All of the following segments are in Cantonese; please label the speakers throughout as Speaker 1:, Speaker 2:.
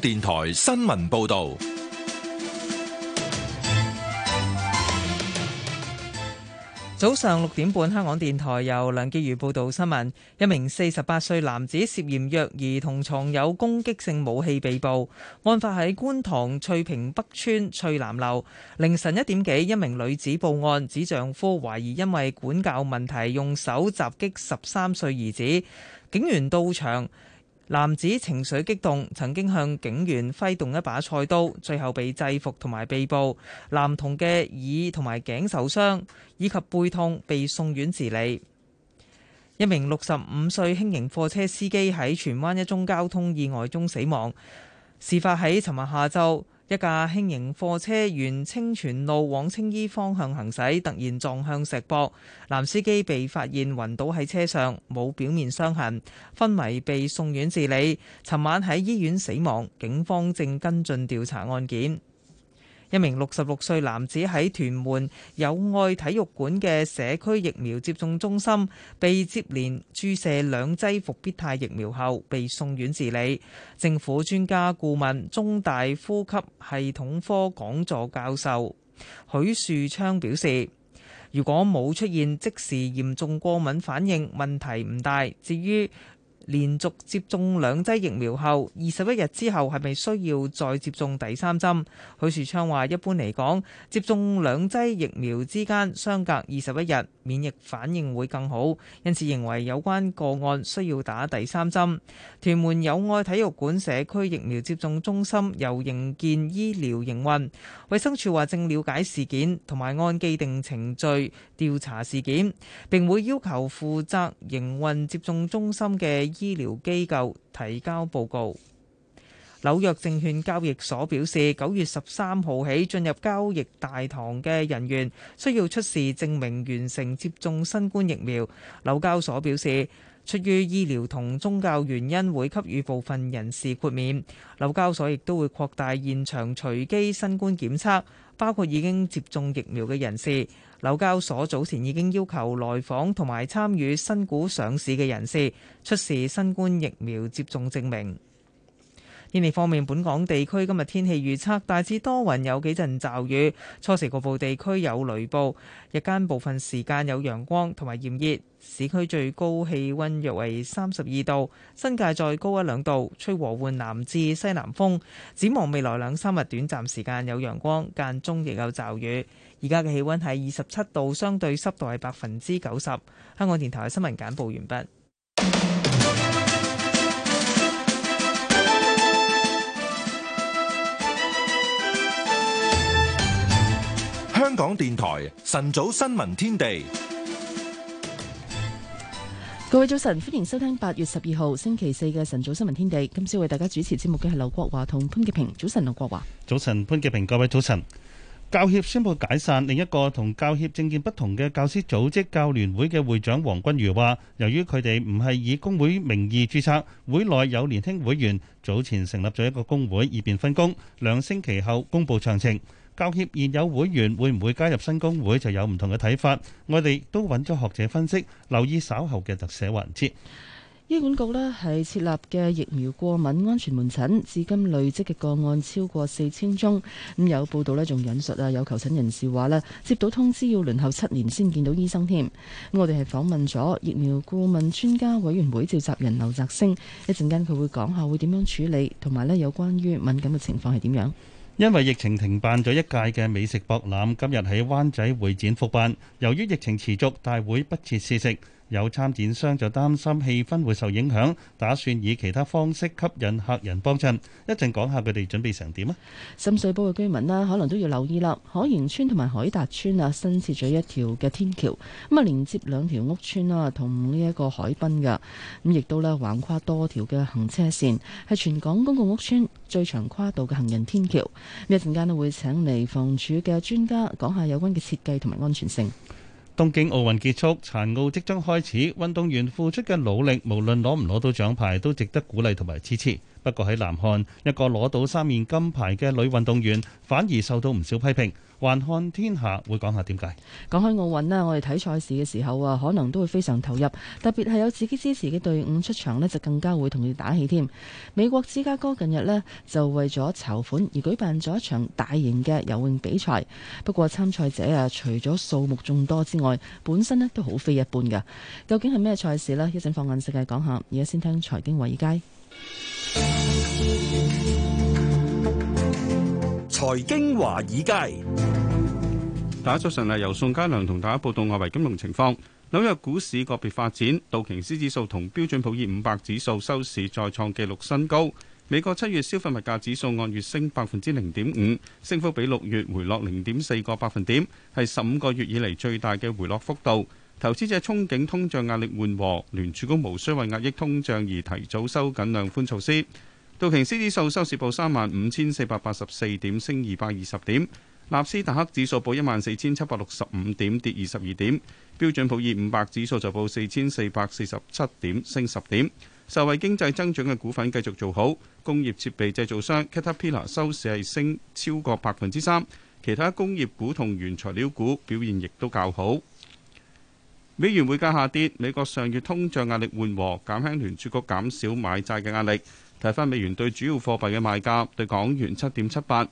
Speaker 1: 電台新聞報道：
Speaker 2: 早上六點半，香港電台由梁潔如報道新聞。一名四十八歲男子涉嫌虐兒同藏有攻擊性武器被捕，案發喺觀塘翠屏北村翠南樓。凌晨一點幾，一名女子報案，指丈夫懷疑因為管教問題，用手襲擊十三歲兒子。警員到場。男子情緒激動，曾經向警員揮動一把菜刀，最後被制服同埋被捕。男童嘅耳同埋頸受傷，以及背痛，被送院治理。一名六十五歲輕型貨車司機喺荃灣一宗交通意外中死亡。事發喺尋日下晝。一架輕型貨車沿清泉路往青衣方向行駛，突然撞向石壆，男司機被發現暈倒喺車上，冇表面傷痕，昏迷被送院治理，尋晚喺醫院死亡。警方正跟進調查案件。一名六十六歲男子喺屯門友愛體育館嘅社區疫苗接種中心被接連注射兩劑復必泰疫苗後，被送院治理。政府專家顧問、中大呼吸系統科講座教授許樹昌表示，如果冇出現即時嚴重過敏反應，問題唔大。至於連續接種兩劑疫苗後，二十一日之後係咪需要再接種第三針？許樹昌話：一般嚟講，接種兩劑疫苗之間相隔二十一日，免疫反應會更好，因此認為有關個案需要打第三針。屯門友愛體育館社區疫苗接種中心由營建醫療營運，衛生署話正了解事件，同埋按既定程序調查事件，並會要求負責營運接種中心嘅醫療機構提交報告。紐約證券交易所表示，九月十三號起進入交易大堂嘅人員需要出示證明完成接種新冠疫苗。紐交所表示，出於醫療同宗教原因會給予部分人士豁免。紐交所亦都會擴大現場隨機新冠檢測，包括已經接種疫苗嘅人士。紐交所早前已經要求來訪同埋參與新股上市嘅人士出示新冠疫苗接種證明。天氣方面，本港地區今日天氣預測大致多雲，有幾陣驟雨，初時局部地區有雷暴，日間部分時間有陽光同埋炎熱。市區最高氣溫約為三十二度，新界再高一兩度，吹和緩南至西南風。展望未來兩三日，短暫時間有陽光，間中亦有驟雨。而家嘅氣溫係二十七度，相對濕度係百分之九十。香港電台新聞簡報完畢。
Speaker 1: 香港電台晨早新聞天地，
Speaker 3: 各位早晨，歡迎收聽八月十二號星期四嘅晨早新聞天地。今朝為大家主持節目嘅係劉國華同潘潔平。早晨，劉國華，
Speaker 4: 早晨，潘潔平。各位早晨。教協宣布解散，另一個同教協政見不同嘅教師組織教聯會嘅會長黃君如話，由於佢哋唔係以工會名義注冊，會內有年輕會員早前成立咗一個工會以便分工，兩星期後公布詳情。教協現有會員會唔會加入新工會，就有唔同嘅睇法。我哋都揾咗學者分析，留意稍後嘅特寫環節。
Speaker 3: 醫管局呢係設立嘅疫苗過敏安全門診，至今累積嘅個案超過四千宗。咁有報道呢，仲引述啊有求診人士話呢，接到通知要輪候七年先見到醫生添。我哋係訪問咗疫苗顧問專家委員會召集人劉澤星，一陣間佢會講下會點樣處理，同埋呢有關於敏感嘅情況係點樣。因為疫
Speaker 4: 情停辦咗一屆嘅美食博覽，今日喺灣仔會展復辦。由於疫情持續，大會不設試食。有參展商就擔心氣氛會受影響，打算以其他方式吸引客人幫襯。一陣講下佢哋準備成點啊！
Speaker 3: 深水埗嘅居民啦，可能都要留意啦。海盈村同埋海達村啊，新設咗一條嘅天橋，咁啊連接兩條屋村啊，同呢一個海濱嘅，咁亦都呢，橫跨多條嘅行車線，係全港公共屋村最長跨度嘅行人天橋。咁一陣間咧會請嚟房署嘅專家講下有關嘅設計同埋安全性。東京
Speaker 4: 奧運結束，殘奧即將開始，運動員付出嘅努力，無論攞唔攞到獎牌，都值得鼓勵同埋支持。不過喺南韓，一個攞到三面金牌嘅女運動員反而受到唔少批評。環看天下會講下點解？
Speaker 3: 講開奧運呢，我哋睇賽事嘅時候啊，可能都會非常投入，特別係有自己支持嘅隊伍出場呢，就更加會同佢打氣添。美國芝加哥近日呢，就為咗籌款而舉辦咗一場大型嘅游泳比賽。不過參賽者啊，除咗數目眾多之外，本身呢都好非一般㗎。究竟係咩賽事呢？一陣放眼世界講下。而家先聽財經話事。
Speaker 5: 財
Speaker 6: 經華爾街，大家早晨，啊！由宋嘉良同大家報道外圍金融情況。紐約股市個別發展，道瓊斯指數同標準普爾五百指數收市再創紀錄新高。美國七月消費物價指數按月升百分之零點五，升幅比六月回落零點四個百分點，係十五個月以嚟最大嘅回落幅度。投資者憧憬通脹壓力緩和，聯儲局無需為壓抑通脹而提早收緊量寬措施。道瓊斯指數收市報三萬五千四百八十四點，升二百二十點；納斯達克指數報一萬四千七百六十五點，跌二十二點；標準普爾五百指數就報四千四百四十七點，升十點。受惠經濟增長嘅股份繼續做好，工業設備製造商 Caterpillar 收市係升超過百分之三，其他工業股同原材料股表現亦都較好。美元匯價下跌，美國上月通脹壓力緩和，減輕聯儲局減少買債嘅壓力。睇返美元對主要貨幣嘅賣價，對港元七點七八，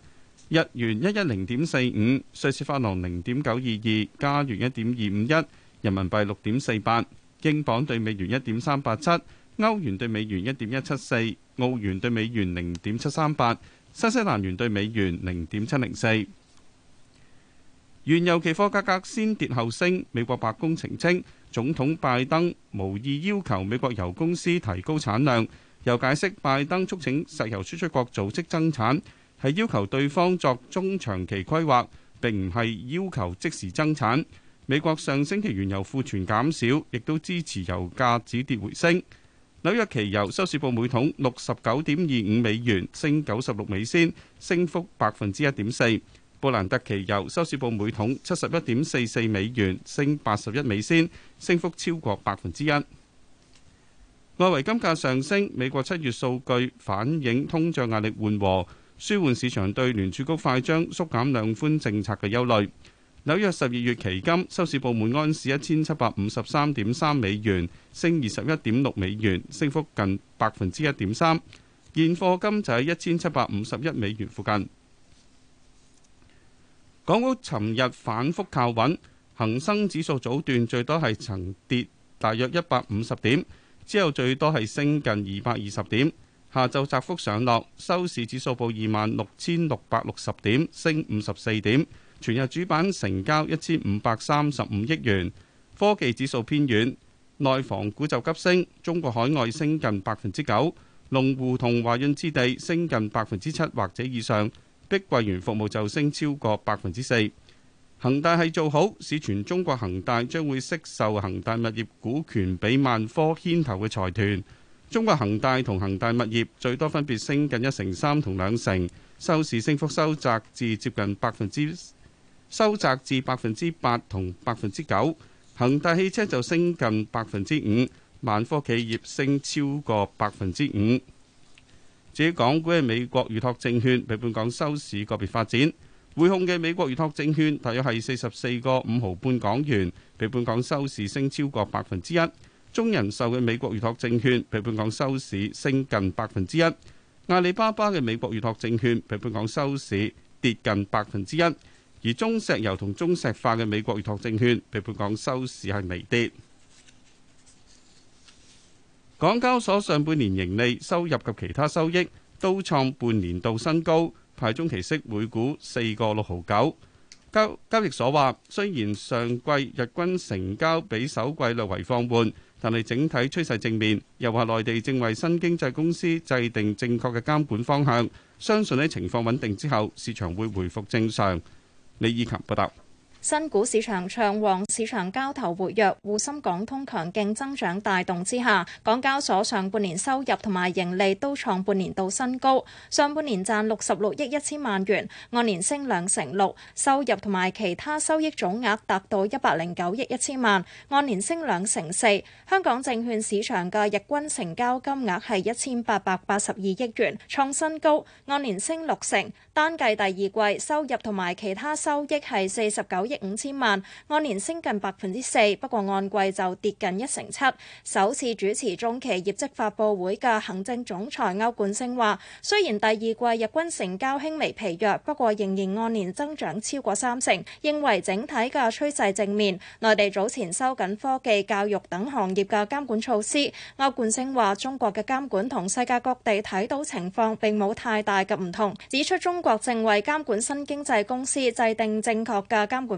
Speaker 6: 日元一一零點四五，瑞士法郎零點九二二，加元一點二五一，人民幣六點四八，英鎊對美元一點三八七，歐元對美元一點一七四，澳元對美元零點七三八，新西蘭元對美元零點七零四。原油期貨價格先跌後升。美國白宮澄清，總統拜登無意要求美國油公司提高產量，又解釋拜登促請石油輸出國組織增產，係要求對方作中長期規劃，並唔係要求即時增產。美國上星期原油庫存減少，亦都支持油價止跌回升。紐約期油收市報每桶六十九點二五美元，升九十六美仙，升幅百分之一點四。布蘭特期油收市報每桶七十一點四四美元，升八十一美仙，升幅超過百分之一。外圍金價上升，美國七月數據反映通脹壓力緩和，舒緩市場對聯儲局快將縮減量寬政策嘅憂慮。紐約十二月期金收市報每安士一千七百五十三點三美元，升二十一點六美元，升幅近百分之一點三。現貨金就喺一千七百五十一美元附近。港股尋日反覆靠穩，恒生指數早段最多係曾跌大約一百五十點，之後最多係升近二百二十點。下晝窄幅上落，收市指數報二萬六千六百六十點，升五十四點。全日主板成交一千五百三十五億元，科技指數偏軟，內房股就急升，中國海外升近百分之九，龍湖同華潤置地升近百分之七或者以上。碧桂園服務就升超過百分之四，恒大系做好，市傳中國恒大將會悉售恒大物業股權俾萬科牽頭嘅財團。中國恒大同恒大物業最多分別升近一成三同兩成，收市升幅收窄至接近百分之收窄至百分之八同百分之九。恒大汽車就升近百分之五，萬科企業升超過百分之五。自港股嘅美國預託證券，比本港收市個別發展。匯控嘅美國預託證券，大約係四十四個五毫半港元，比本港收市升超過百分之一。中人壽嘅美國預託證券，比本港收市升近百分之一。阿里巴巴嘅美國預託證券，比本港收市跌近百分之一。而中石油同中石化嘅美國預託證券，比本港收市係微跌。港交所上半年盈利、收入及其他收益都創半年度新高，派中期息每股四個六毫九。交交易所話，雖然上季日均成交比首季略為放緩，但係整體趨勢正面。又話內地正為新經濟公司制定正確嘅監管方向，相信喺情況穩定之後，市場會回復正常。李以琴報道。
Speaker 7: 新股市場暢旺，市場交投活躍，滬深港通強勁增長帶動之下，港交所上半年收入同埋盈利都創半年度新高。上半年賺六十六億一千萬元，按年升兩成六；收入同埋其他收益總額達到一百零九億一千萬，按年升兩成四。香港證券市場嘅日均成交金額係一千八百八十二億元，創新高，按年升六成。單計第二季收入同埋其他收益係四十九億五千萬，按年升近百分之四，不過按季就跌近一成七。首次主持中期業績發布會嘅行政總裁歐冠升話，雖然第二季日均成交輕微疲弱，不過仍然按年增長超過三成，認為整體嘅趨勢正面。內地早前收緊科技、教育等行業嘅監管措施，歐冠升話，中國嘅監管同世界各地睇到情況並冇太大嘅唔同，指出中國正為監管新經濟公司制定正確嘅監管。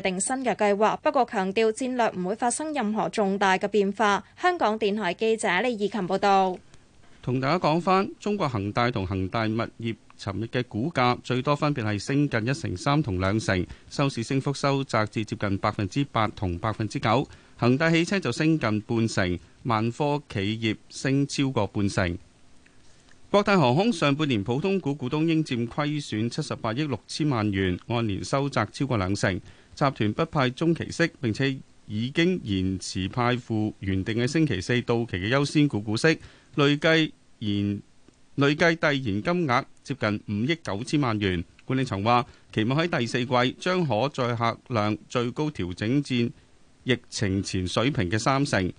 Speaker 7: 定新嘅計劃，不過強調戰略唔會發生任何重大嘅變化。香港電台記者李義琴報道。
Speaker 6: 同大家講返，中國恒大同恒大物業尋日嘅股價最多分別係升近一成三同兩成，收市升幅收窄至接近百分之八同百分之九。恒大汽車就升近半成，萬科企業升超過半成。國泰航空上半年普通股股東應佔虧損七十八億六千萬元，按年收窄超過兩成。集團不派中期息，並且已經延遲派付原定嘅星期四到期嘅優先股股息，累計延累計遞延金額接近五億九千萬元。管理層話期望喺第四季將可載客量最高調整至疫情前水平嘅三成。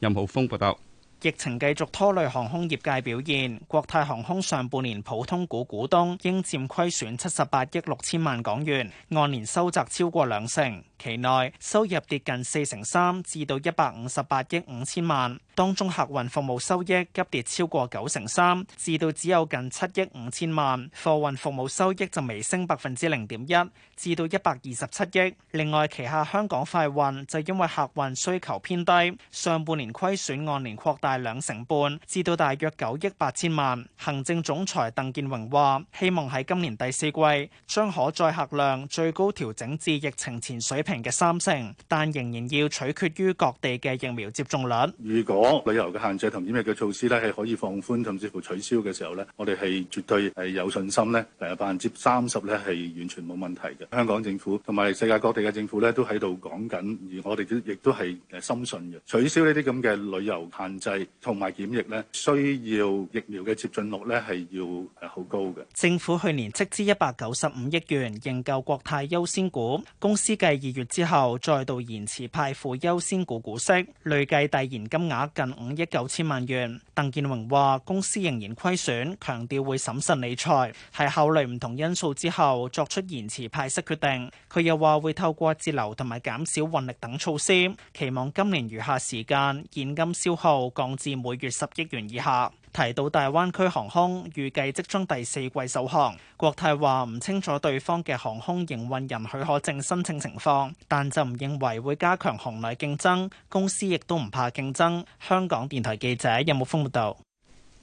Speaker 6: 任浩峯報道。
Speaker 8: 疫情繼續拖累航空業界表現，國泰航空上半年普通股股東應佔虧損七十八億六千萬港元，按年收窄超過兩成。期內收入跌近四成三，至到一百五十八億五千萬。當中客運服務收益急跌超過九成三，至到只有近七億五千萬。貨運服務收益就微升百分之零點一，至到一百二十七億。另外旗下香港快運就因為客運需求偏低，上半年虧損按年擴大兩成半，至到大約九億八千萬。行政總裁鄧健榮話：希望喺今年第四季將可載客量最高調整至疫情前水平。嘅三成，但仍然要取決於各地嘅疫苗接種率。
Speaker 4: 如果旅遊嘅限制同檢疫嘅措施咧，係可以放寬，甚至乎取消嘅時候咧，我哋係絕對係有信心咧，誒百分之三十咧係完全冇問題嘅。香港政府同埋世界各地嘅政府咧，都喺度講緊，而我哋亦都係誒深信嘅。取消呢啲咁嘅旅遊限制同埋檢疫咧，需要疫苗嘅接種率咧係要誒好高嘅。
Speaker 8: 政府去年斥資一百九十五億元認購國泰優先股，公司計二月月之後再度延遲派付優先股股息，累計遞延金額近五億九千萬元。鄧建榮話：公司仍然虧損，強調會審慎理財，係考慮唔同因素之後作出延遲派息決定。佢又話會透過節流同埋減少運力等措施，期望今年餘下時間現金消耗降至每月十億元以下。提到大灣區航空預計即將第四季首航，國泰話唔清楚對方嘅航空營運人許可證申請情況，但就唔認為會加強紅內競爭。公司亦都唔怕競爭。香港電台記者任木峰報道。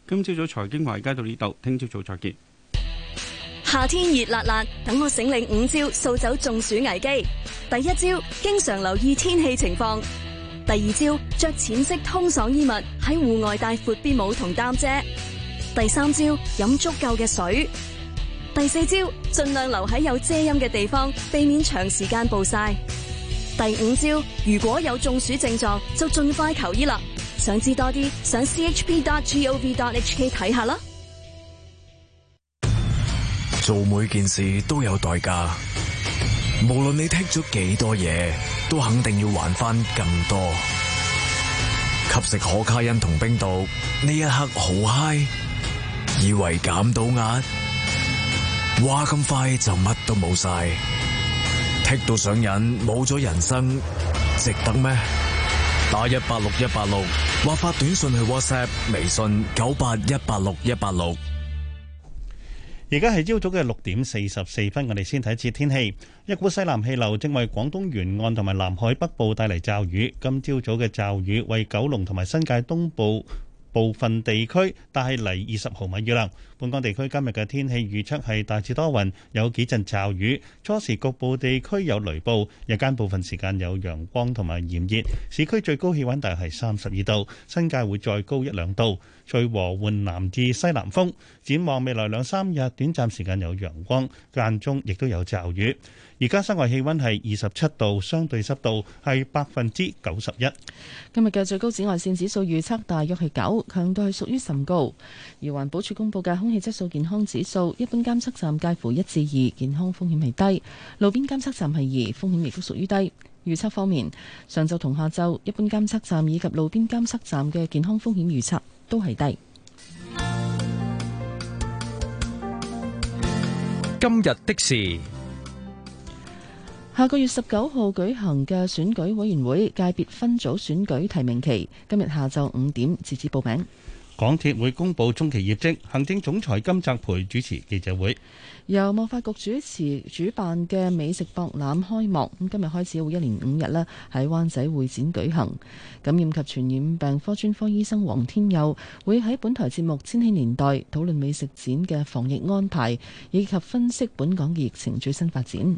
Speaker 8: 今朝早財經華街到呢度，聽朝早再見。
Speaker 7: 夏天熱辣辣，等我醒領五招掃走中暑危機。第一招，經常留意天氣情況。第二招，着淺色通爽衣物，喺戶外帶闊啲帽同擔遮。第三招，飲足夠嘅水。第四招，盡量留喺有遮陰嘅地方，避免長時間暴曬。第五招，如果有中暑症狀，就盡快求醫啦。想知多啲，上 chp.gov.hk 睇下
Speaker 9: 啦。
Speaker 10: 做每件事都有代價。
Speaker 11: 無論你剔咗幾多嘢，都肯定要還翻更多。吸食可卡因同冰毒，呢一刻好嗨，以為減到壓，嘩咁快就乜都冇晒，剔到上癮，冇咗人生，值得咩？打一八六一八六，或發短信去 WhatsApp、微信九八一八六
Speaker 4: 一八六。而家係朝早嘅六點四十四分，我哋先睇一次天氣。一股西南氣流正為廣東沿岸同埋南海北部帶嚟驟雨。今朝早嘅驟雨為九龍同埋新界東部，部分地區帶嚟二十毫米雨量。本港地區今日嘅天氣預測係大致多雲，有幾陣驟雨，初時局部地區有雷暴，日間部分時間有陽光同埋炎熱。市區最高氣温大約係三十二度，新界會再高一兩度。隨和緩南至西南風。展望未來兩三日，短暫時間有陽光，間中亦都有驟雨。而家室外氣溫係二十七度，相對濕度係百分之九十一。
Speaker 3: 今日嘅最高紫外線指數預測大約係九，強度係屬於甚高。而環保署公布嘅空氣質素健康指數，一般監測站介乎一至二，健康風險係低；路邊監測站係二，風險亦都屬於低。預測方面，上晝同下晝一般監測站以及路邊監測站嘅健康風險預測都係低。
Speaker 11: 今日的事。
Speaker 3: 下個月十九號舉行嘅選舉委員會界別分組選舉提名期，今日下晝五點截止報名。
Speaker 4: 港鐵會公布中期業績，行政總裁金澤培主持記者會。
Speaker 3: 由貿發局主持主辦嘅美食博覽開幕，咁今日開始會一連五日咧喺灣仔會展舉行。感染及傳染病科專科醫生黃天佑會喺本台節目《千禧年代》討論美食展嘅防疫安排，以及分析本港嘅疫情最新發展。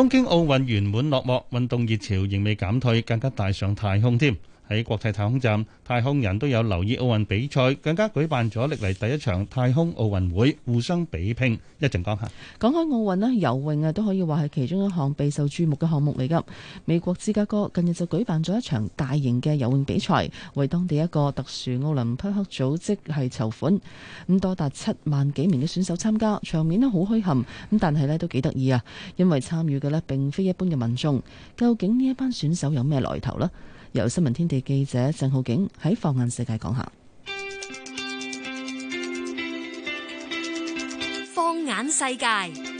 Speaker 4: 東京奧運圓滿落幕，運動熱潮仍未減退，更加帶上太空添。喺國際太空站，太空人都有留意奧運比賽，更加舉辦咗歷嚟第一場太空奧運會，互相比拼。一陣講下。
Speaker 3: 講開奧運呢，游泳啊都可以話係其中一項備受注目嘅項目嚟嘅。美國芝加哥近日就舉辦咗一場大型嘅游泳比賽，為當地一個特殊奧林匹克組織係籌款。咁多達七萬幾名嘅選手參加，場面呢好墟冚。咁但係呢都幾得意啊，因為參與嘅呢並非一般嘅民眾。究竟呢一班選手有咩來頭呢？由新聞天地記者鄭浩景喺放眼世界
Speaker 9: 講下，放眼世界。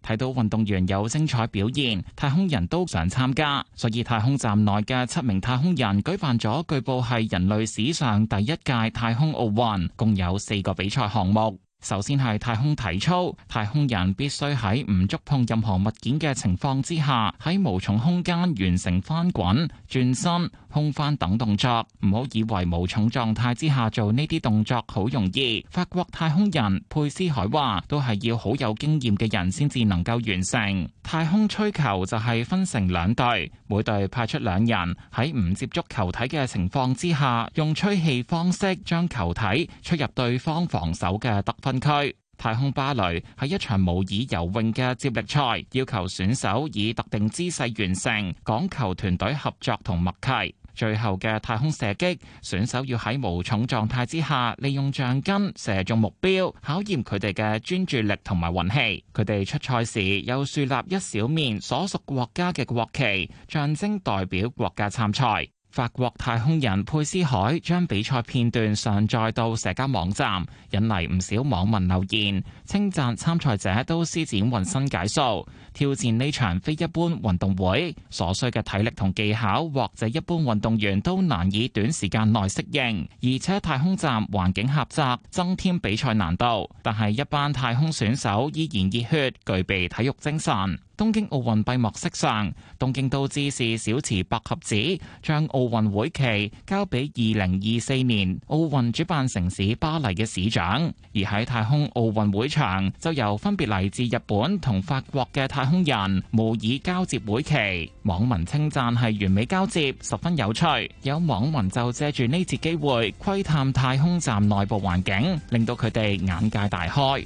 Speaker 12: 睇到運動員有精彩表現，太空人都想參加，所以太空站內嘅七名太空人舉辦咗據報係人類史上第一屆太空奧運，共有四個比賽項目。首先係太空體操，太空人必須喺唔觸碰任何物件嘅情況之下，喺無重空間完成翻滾、轉身、空翻等動作。唔好以為無重狀態之下做呢啲動作好容易。法國太空人佩斯海話，都係要好有經驗嘅人先至能夠完成。太空吹球就係分成兩隊，每隊派出兩人喺唔接觸球體嘅情況之下，用吹氣方式將球體吹入對方防守嘅得分區。太空芭蕾係一場模擬游泳嘅接力賽，要求選手以特定姿勢完成，講求團隊合作同默契。最後嘅太空射擊，選手要喺無重狀態之下，利用橡筋射中目標，考驗佢哋嘅專注力同埋運氣。佢哋出賽時又樹立一小面所屬國家嘅國旗，象徵代表國家參賽。法國太空人佩斯海將比賽片段上載到社交網站，引嚟唔少網民留言稱讚。參賽者都施展渾身解數挑戰呢場非一般運動會，所需嘅體力同技巧或者一般運動員都難以短時間內適應，而且太空站環境狹窄，增添比賽難度。但係一班太空選手依然熱血，具備體育精神。東京奧運閉幕式上，東京都知事小池百合子將奧運會旗交俾二零二四年奧運主辦城市巴黎嘅市長，而喺太空奧運會場就由分別嚟自日本同法國嘅太空人模擬交接會旗。網民稱讚係完美交接，十分有趣。有網民就借住呢次機會窺探太空站內部環境，令到佢哋眼界大開。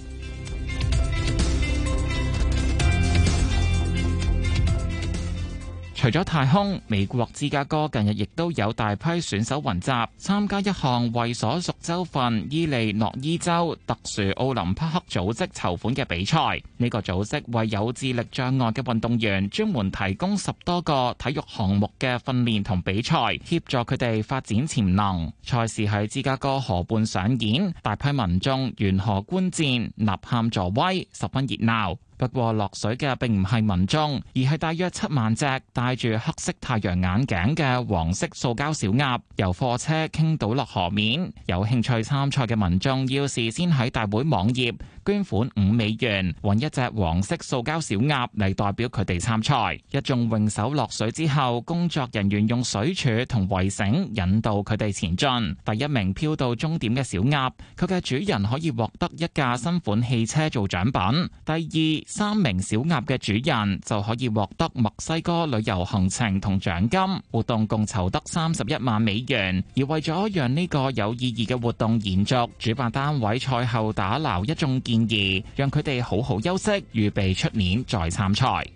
Speaker 12: 除咗太空，美國芝加哥近日亦都有大批選手雲集，參加一項為所屬州份伊利諾伊州特殊奧林匹克組織籌款嘅比賽。呢個組織為有智力障礙嘅運動員，專門提供十多個體育項目嘅訓練同比賽，協助佢哋發展潛能。賽事喺芝加哥河畔上演，大批民眾沿河觀戰、吶喊助威，十分熱鬧。不過落水嘅並唔係民眾，而係大約七萬隻戴住黑色太陽眼鏡嘅黃色塑膠小鴨，由貨車傾倒落河面。有興趣參賽嘅民眾要事先喺大會網頁，捐款五美元，揾一隻黃色塑膠小鴨嚟代表佢哋參賽。一眾泳手落水之後，工作人員用水柱同圍繩引導佢哋前進。第一名飄到終點嘅小鴨，佢嘅主人可以獲得一架新款汽車做獎品。第二、三名小鴨嘅主人就可以獲得墨西哥旅遊行程同獎金。活動共籌得三十一萬美元，而為咗讓呢個有意義嘅活動延續，主辦單位賽後打撈一眾建議讓佢哋好好休息，預備出年再參賽。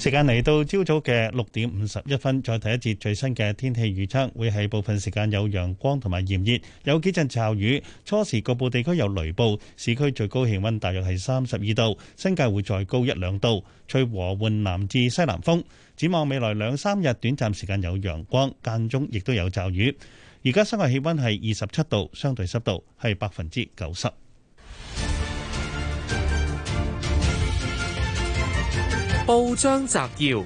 Speaker 4: 時間嚟到朝早嘅六點五十一分，再睇一節最新嘅天氣預測，會係部分時間有陽光同埋炎熱，有幾陣驟雨，初時局部地區有雷暴。市區最高氣温大約係三十二度，新界會再高一兩度，吹和緩南至西南風。展望未來兩三日，短暫時間有陽光，間中亦都有驟雨。而家室外氣温係二十七度，相對濕度係百分之九十。報章摘要，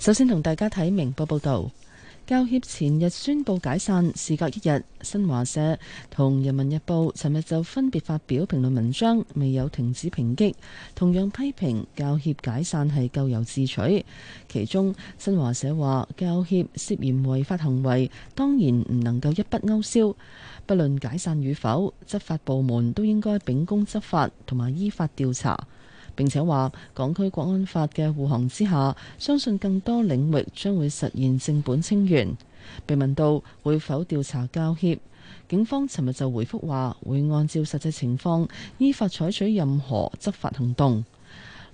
Speaker 3: 首先同大家睇明報報道，教協前日宣布解散，事隔一日，新華社同人民日報尋日就分別發表評論文章，未有停止抨擊，同樣批評教協解散係咎由自取。其中新華社話，教協涉嫌違法行為，當然唔能夠一筆勾銷，不論解散與否，執法部門都應該秉公執法同埋依法調查。並且話，港區國安法嘅護航之下，相信更多領域將會實現正本清源。被問到會否調查教協，警方尋日就回覆話，會按照實際情況依法採取任何執法行動。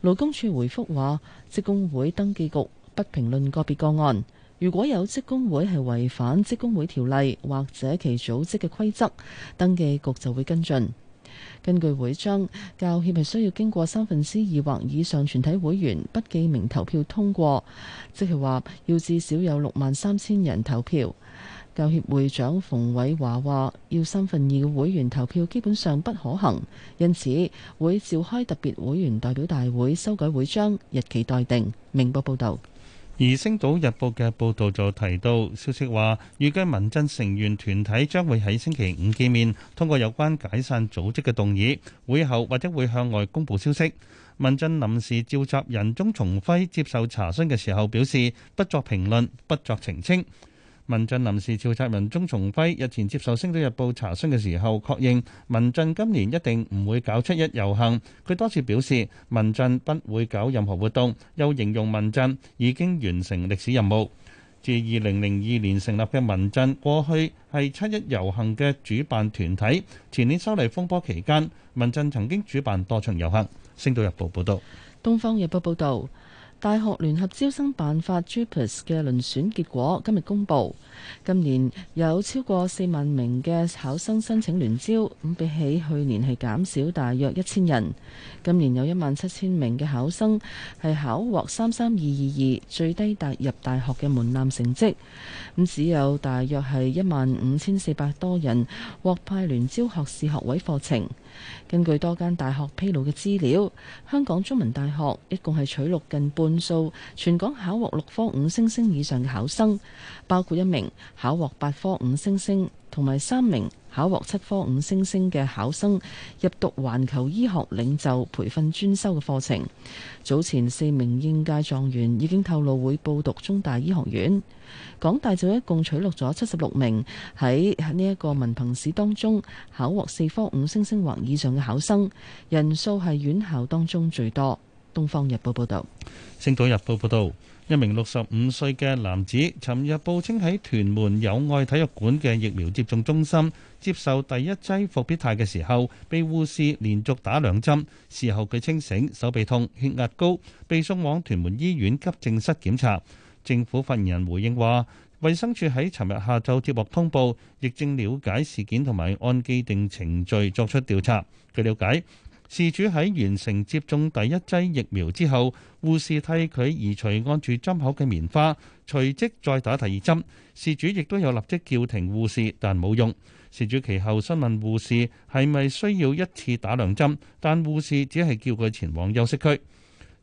Speaker 3: 勞工處回覆話，職工會登記局不評論個別個案。如果有職工會係違反職工會條例或者其組織嘅規則，登記局就會跟進。根據會章，教協係需要經過三分之二或以上全體會員不記名投票通過，即係話要至少有六萬三千人投票。教協會長馮偉華話：要三分二嘅會員投票基本上不可行，因此會召開特別會員代表大會修改會章，日期待定。明報報導。而《星
Speaker 4: 島日報》嘅報導就提到，消息話預計民陣成員團體將會喺星期五見面，通過有關解散組織嘅動議。會後或者會向外公布消息。民陣臨時召集人鐘聰輝接受查詢嘅時候表示，不作評論，不作澄清。民陣臨時召集人鍾松輝日前接受《星島日報》查詢嘅時候，確認民陣今年一定唔會搞七一遊行。佢多次表示，民陣不會搞任何活動，又形容民陣已經完成歷史任務。自二零零二年成立嘅民陣，過去係七一遊行嘅主辦團體。前年修例風波期間，民陣曾經主辦多場遊行。《星島日報》報道：
Speaker 3: 《東方日報》報道。大學聯合招生辦法 （JUPAS） 嘅輪選結果今日公布，今年有超過四萬名嘅考生申請聯招，咁比起去年係減少大約一千人。今年有一萬七千名嘅考生係考獲三三二二二最低達入大學嘅門檻成績，咁只有大約係一萬五千四百多人獲派聯招學士學位課程。根據多間大學披露嘅資料，香港中文大學一共係取錄近半數全港考獲六科五星星以上嘅考生，包括一名考獲八科五星星。同埋三名考獲七科五星星嘅考生入讀環球醫學領袖培訓專修嘅課程。早前四名應屆狀元已經透露會報讀中大醫學院。港大就一共取錄咗七十六名喺呢一個文憑試當中考獲四科五星星或以上嘅考生，人數係院校當中最多。東方日報報道，
Speaker 4: 星島日報報道。一名六十五歲嘅男子，尋日報稱喺屯門友愛體育館嘅疫苗接種中心接受第一劑復必泰嘅時候，被護士連續打兩針。事後佢清醒，手臂痛，血壓高，被送往屯門醫院急症室檢查。政府發言人回應話，衛生署喺尋日下晝接獲通報，亦正了解事件同埋按既定程序作出調查。據了解。事主喺完成接種第一劑疫苗之後，護士替佢移除按住針口嘅棉花，隨即再打第二針。事主亦都有立即叫停護士，但冇用。事主其後詢問護士係咪需要一次打兩針，但護士只係叫佢前往休息區。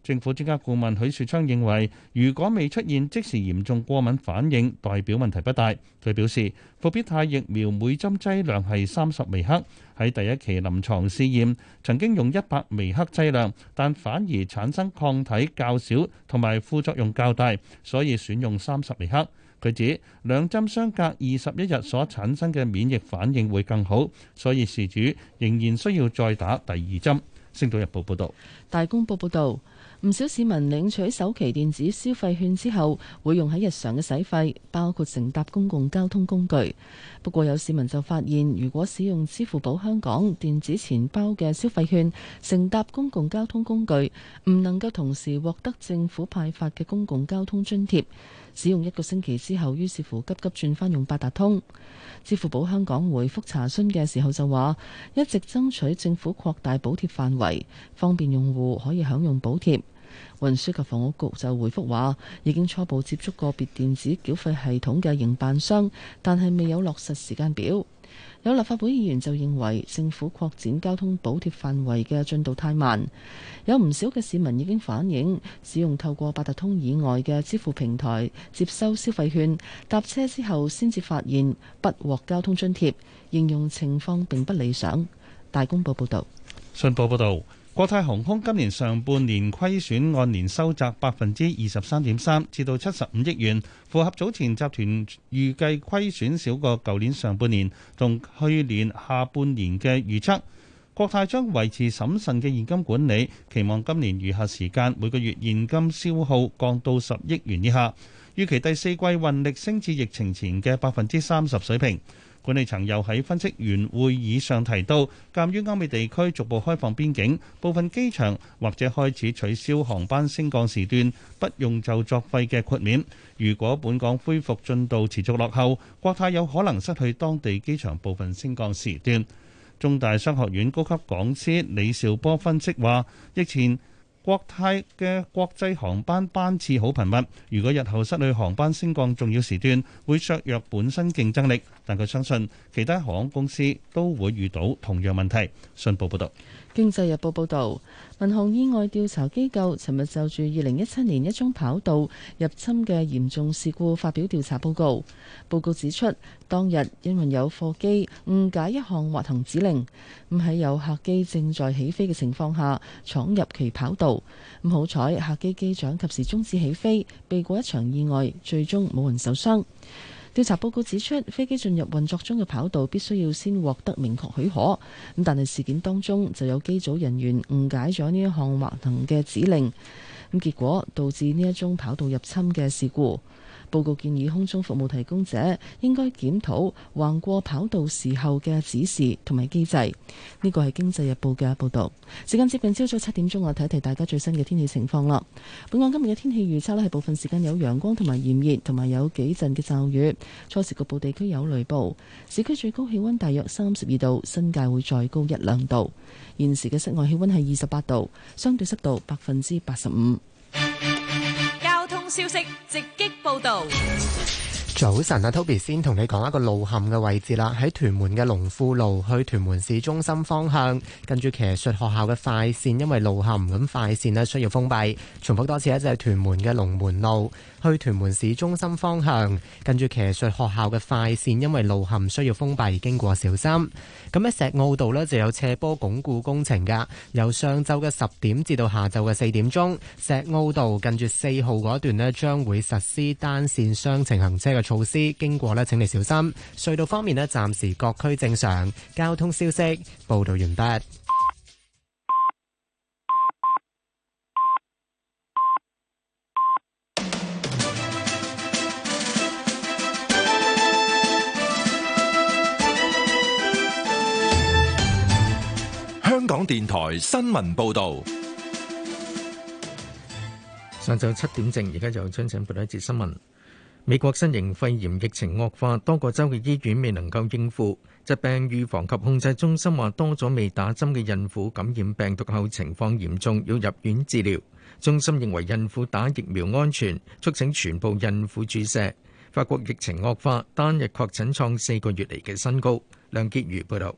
Speaker 4: 政府專家顧問許樹昌認為，如果未出現即時嚴重過敏反應，代表問題不大。佢表示，復必泰疫苗每針劑量係三十微克，喺第一期臨牀試驗曾經用一百微克劑量，但反而產生抗體較少同埋副作用較大，所以選用三十微克。佢指兩針相隔二十一日所產生嘅免疫反應會更好，所以事主仍然需要再打第二針。星島日報報導，
Speaker 3: 大公報報導。唔少市民領取首期電子消費券之後，會用喺日常嘅使費，包括乘搭公共交通工具。不過有市民就發現，如果使用支付寶香港電子錢包嘅消費券乘搭公共交通工具，唔能夠同時獲得政府派發嘅公共交通津貼。使用一個星期之後，於是乎急急轉翻用八達通。支付寶香港回覆查詢嘅時候就話，一直爭取政府擴大補貼範圍，方便用戶可以享用補貼。運輸及房屋局就回覆話，已經初步接觸個別電子繳費系統嘅營辦商，但係未有落實時間表。有立法會議員就認為政府擴展交通補貼範圍嘅進度太慢。有唔少嘅市民已經反映，使用透過八達通以外嘅支付平台接收消費券搭車之後，先至發現不獲交通津貼，應用情況並不理想。大公報報道。
Speaker 4: 信報報導。國泰航空今年上半年虧損按年收窄百分之二十三點三，至到七十五億元，符合早前集團預計虧損少過舊年上半年同去年下半年嘅預測。國泰將維持審慎嘅現金管理，期望今年餘下時間每個月現金消耗降到十億元以下，預期第四季運力升至疫情前嘅百分之三十水平。管理層又喺分析員會議上提到，鑑於歐美地區逐步開放邊境，部分機場或者開始取消航班升降時段，不用就作廢嘅豁免。如果本港恢復進度持續落後，國泰有可能失去當地機場部分升降時段。中大商學院高級講師李兆波分析話，疫前國泰嘅國際航班班次好頻密，如果日後失去航班升降重要時段，會削弱本身競爭力。但佢相信其他航空公
Speaker 3: 司都會遇到同樣問題。信報報道。經濟日報報導，民航意外調查機構尋日就住二零一七年一宗跑道入侵嘅嚴重事故發表調查報告。報告指出，當日因為有貨機誤解一項滑行指令，咁喺有客機正在起飛嘅情況下，闖入其跑道。咁好彩，客機機長及時終止起飛，避過一場意外，最終冇人受傷。調查報告指出，飛機進入運作中嘅跑道必須要先獲得明確許可。咁但係事件當中就有機組人員誤解咗呢一項滑行嘅指令，咁結果導致呢一宗跑道入侵嘅事故。報告建議空中服務提供者應該檢討橫過跑道時候嘅指示同埋機制。呢個係經濟日報嘅報道。時間接近朝早七點鐘，我睇睇大家最新嘅天氣情況啦。本港今日嘅天氣預測呢係部分時間有陽光同埋炎熱，同埋有幾陣嘅驟雨，初時局部地區有雷暴。市區最高氣温大約三十二度，新界會再高一兩度。現時嘅室外氣温係二十八度，相對濕度百分之八十五。
Speaker 7: 消息直擊報
Speaker 3: 道。
Speaker 13: 早晨啊，Toby 先同你講一個路陷嘅位置啦。喺屯門嘅龍富路去屯門市中心方向，跟住騎術學校嘅快線，因為路陷咁快線咧需要封閉。重複多次咧，就係、是、屯門嘅龍門路。去屯門市中心方向，近住騎術學校嘅快線，因為路陷需要封閉，經過小心，咁喺石澳道呢，就有斜坡鞏固工程嘅，由上晝嘅十點至到下晝嘅四點鐘，石澳道近住四號嗰段呢，將會實施單線雙程行車嘅措施，經過呢，請你小心，隧道方面呢，暫時各區正常，交通消息報道完畢。
Speaker 1: 香港電台新聞報道，
Speaker 11: 上晝七點正，而家有春醒播一節新聞。美國新型肺炎疫情惡化，多個州嘅醫院未能夠應付。疾病預防及控制中心話，多咗未打針嘅孕婦感染病毒後情況嚴重，要入院治療。中心認為孕婦打疫苗安全，促請全部孕婦注射。法國疫情惡化，單日確診創四個月嚟嘅新高。梁潔如報道。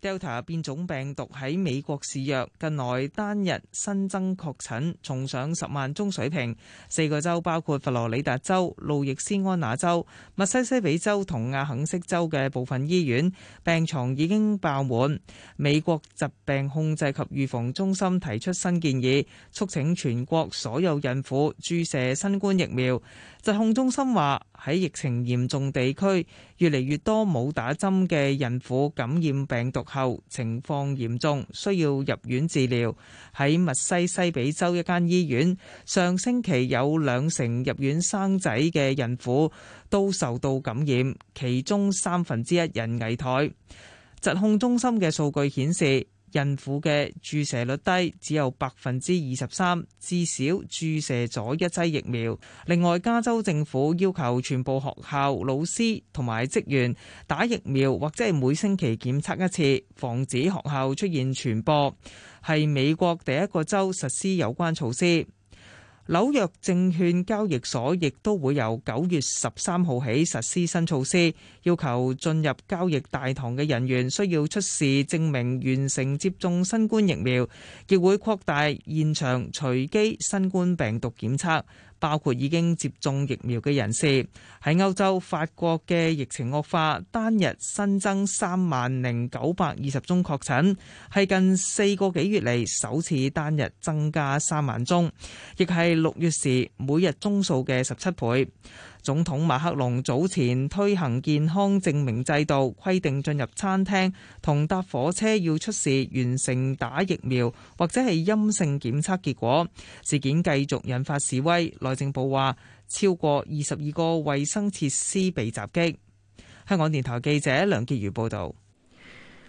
Speaker 2: Delta 變種病毒喺美國肆虐，近來單日新增確診重上十萬宗水平。四個州包括佛羅里達州、路易斯安那州、密西西比州同亞肯色州嘅部分醫院病床已經爆滿。美國疾病控制及預防中心提出新建議，促請全國所有孕婦注射新冠疫苗。疾控中心話喺疫情嚴重地區，越嚟越多冇打針嘅孕婦感染病毒後情況嚴重，需要入院治療。喺密西西比州一間醫院，上星期有兩成入院生仔嘅孕婦都受到感染，其中三分之一人危殆。疾控中心嘅數據顯示，孕婦嘅注射率低，只有百分之二十三，至少注射咗一劑疫苗。另外，加州政府要求全部學校老師同埋職員打疫苗，或者係每星期檢測一次，防止學校出現傳播。係美國第一個州實施有關措施。紐約證券交易所亦都會由九月十三號起實施新措施，要求進入交易大堂嘅人員需要出示證明完成接種新冠疫苗，亦會擴大現場隨機新冠病毒檢測。包括已經接種疫苗嘅人士，喺歐洲、法國嘅疫情惡化，單日新增三萬零九百二十宗確診，係近四個幾月嚟首次單日增加三萬宗，亦係六月時每日宗數嘅十七倍。總統馬克龍早前推行健康證明制度，規定進入餐廳同搭火車要出示完成打疫苗或者係陰性檢測結果。事件繼續引發示威，內政部話超過二十二個
Speaker 11: 衛生設施被襲擊。香港電台記者梁潔如報導。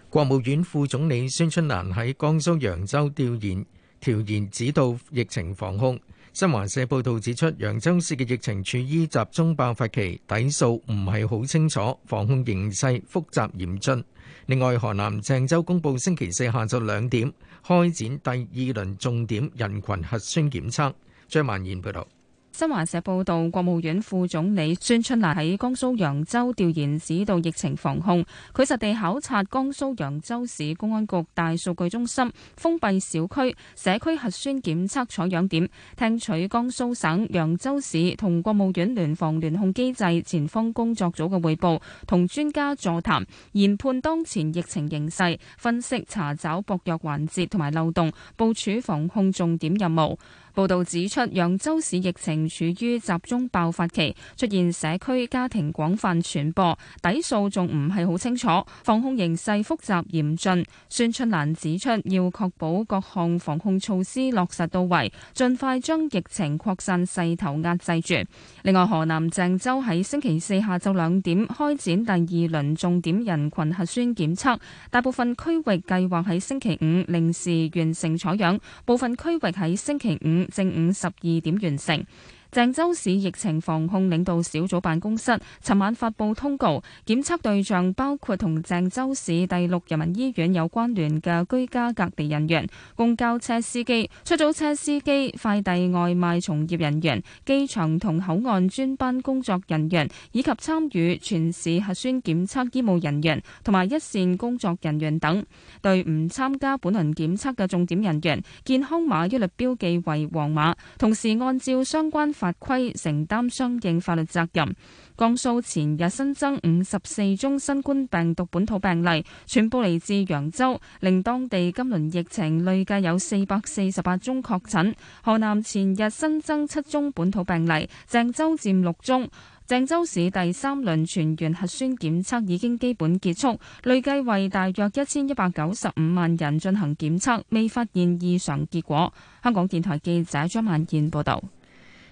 Speaker 11: 國務院副總理孫春蘭喺江蘇揚州調研調研指導疫情防控。新華社報道指出，揚州市嘅疫情處於集中爆發期，底數唔係好清楚，防控形勢複雜嚴峻。另外，河南鄭州公布星期四下晝兩點開展第二輪重點人群核酸檢測。張曼燕報道。
Speaker 14: 新華社報道，國務院副總理孫春蘭喺江蘇揚州調研指導疫情防控。佢實地考察江蘇揚州市公安局大數據中心、封閉小區、社區核酸檢測採樣點，聽取江蘇省揚州市同國務院聯防聯控機制前方工作組嘅匯報，同專家座談，研判當前疫情形勢，分析查找薄弱環節同埋漏洞，部署防控重點任務。報道指出，揚州市疫情處於集中爆發期，出現社區家庭廣泛傳播，底數仲唔係好清楚，防控形勢複雜嚴峻。孫春蘭指出，要確保各項防控措施落實到位，盡快將疫情擴散勢頭壓制住。另外，河南鄭州喺星期四下晝兩點開展第二輪重點人群核酸檢測，大部分區域計劃喺星期五零時完成採樣，部分區域喺星期五。正午十二點完成。鄭州市疫情防控領導小組辦公室尋晚發布通告，檢測對象包括同鄭州市第六人民醫院有關聯嘅居家隔離人員、公交車司機、出租車司機、快遞外賣從業人員、機場同口岸專班工作人員，以及參與全市核酸檢測醫務人員同埋一線工作人員等。對唔參加本輪檢測嘅重點人員，健康碼一律標記為黃碼，同時按照相關法規承擔相應法律責任。江蘇前日新增五十四宗新冠病毒本土病例，全部嚟自揚州，令當地今輪疫情累計有四百四十八宗確診。河南前日新增七宗本土病例，鄭州佔六宗。鄭州市第三輪全員核酸檢測已經基本結束，累計為大約一千一百九十五萬人進行檢測，未發現異常結果。香港電台記者張萬燕報道。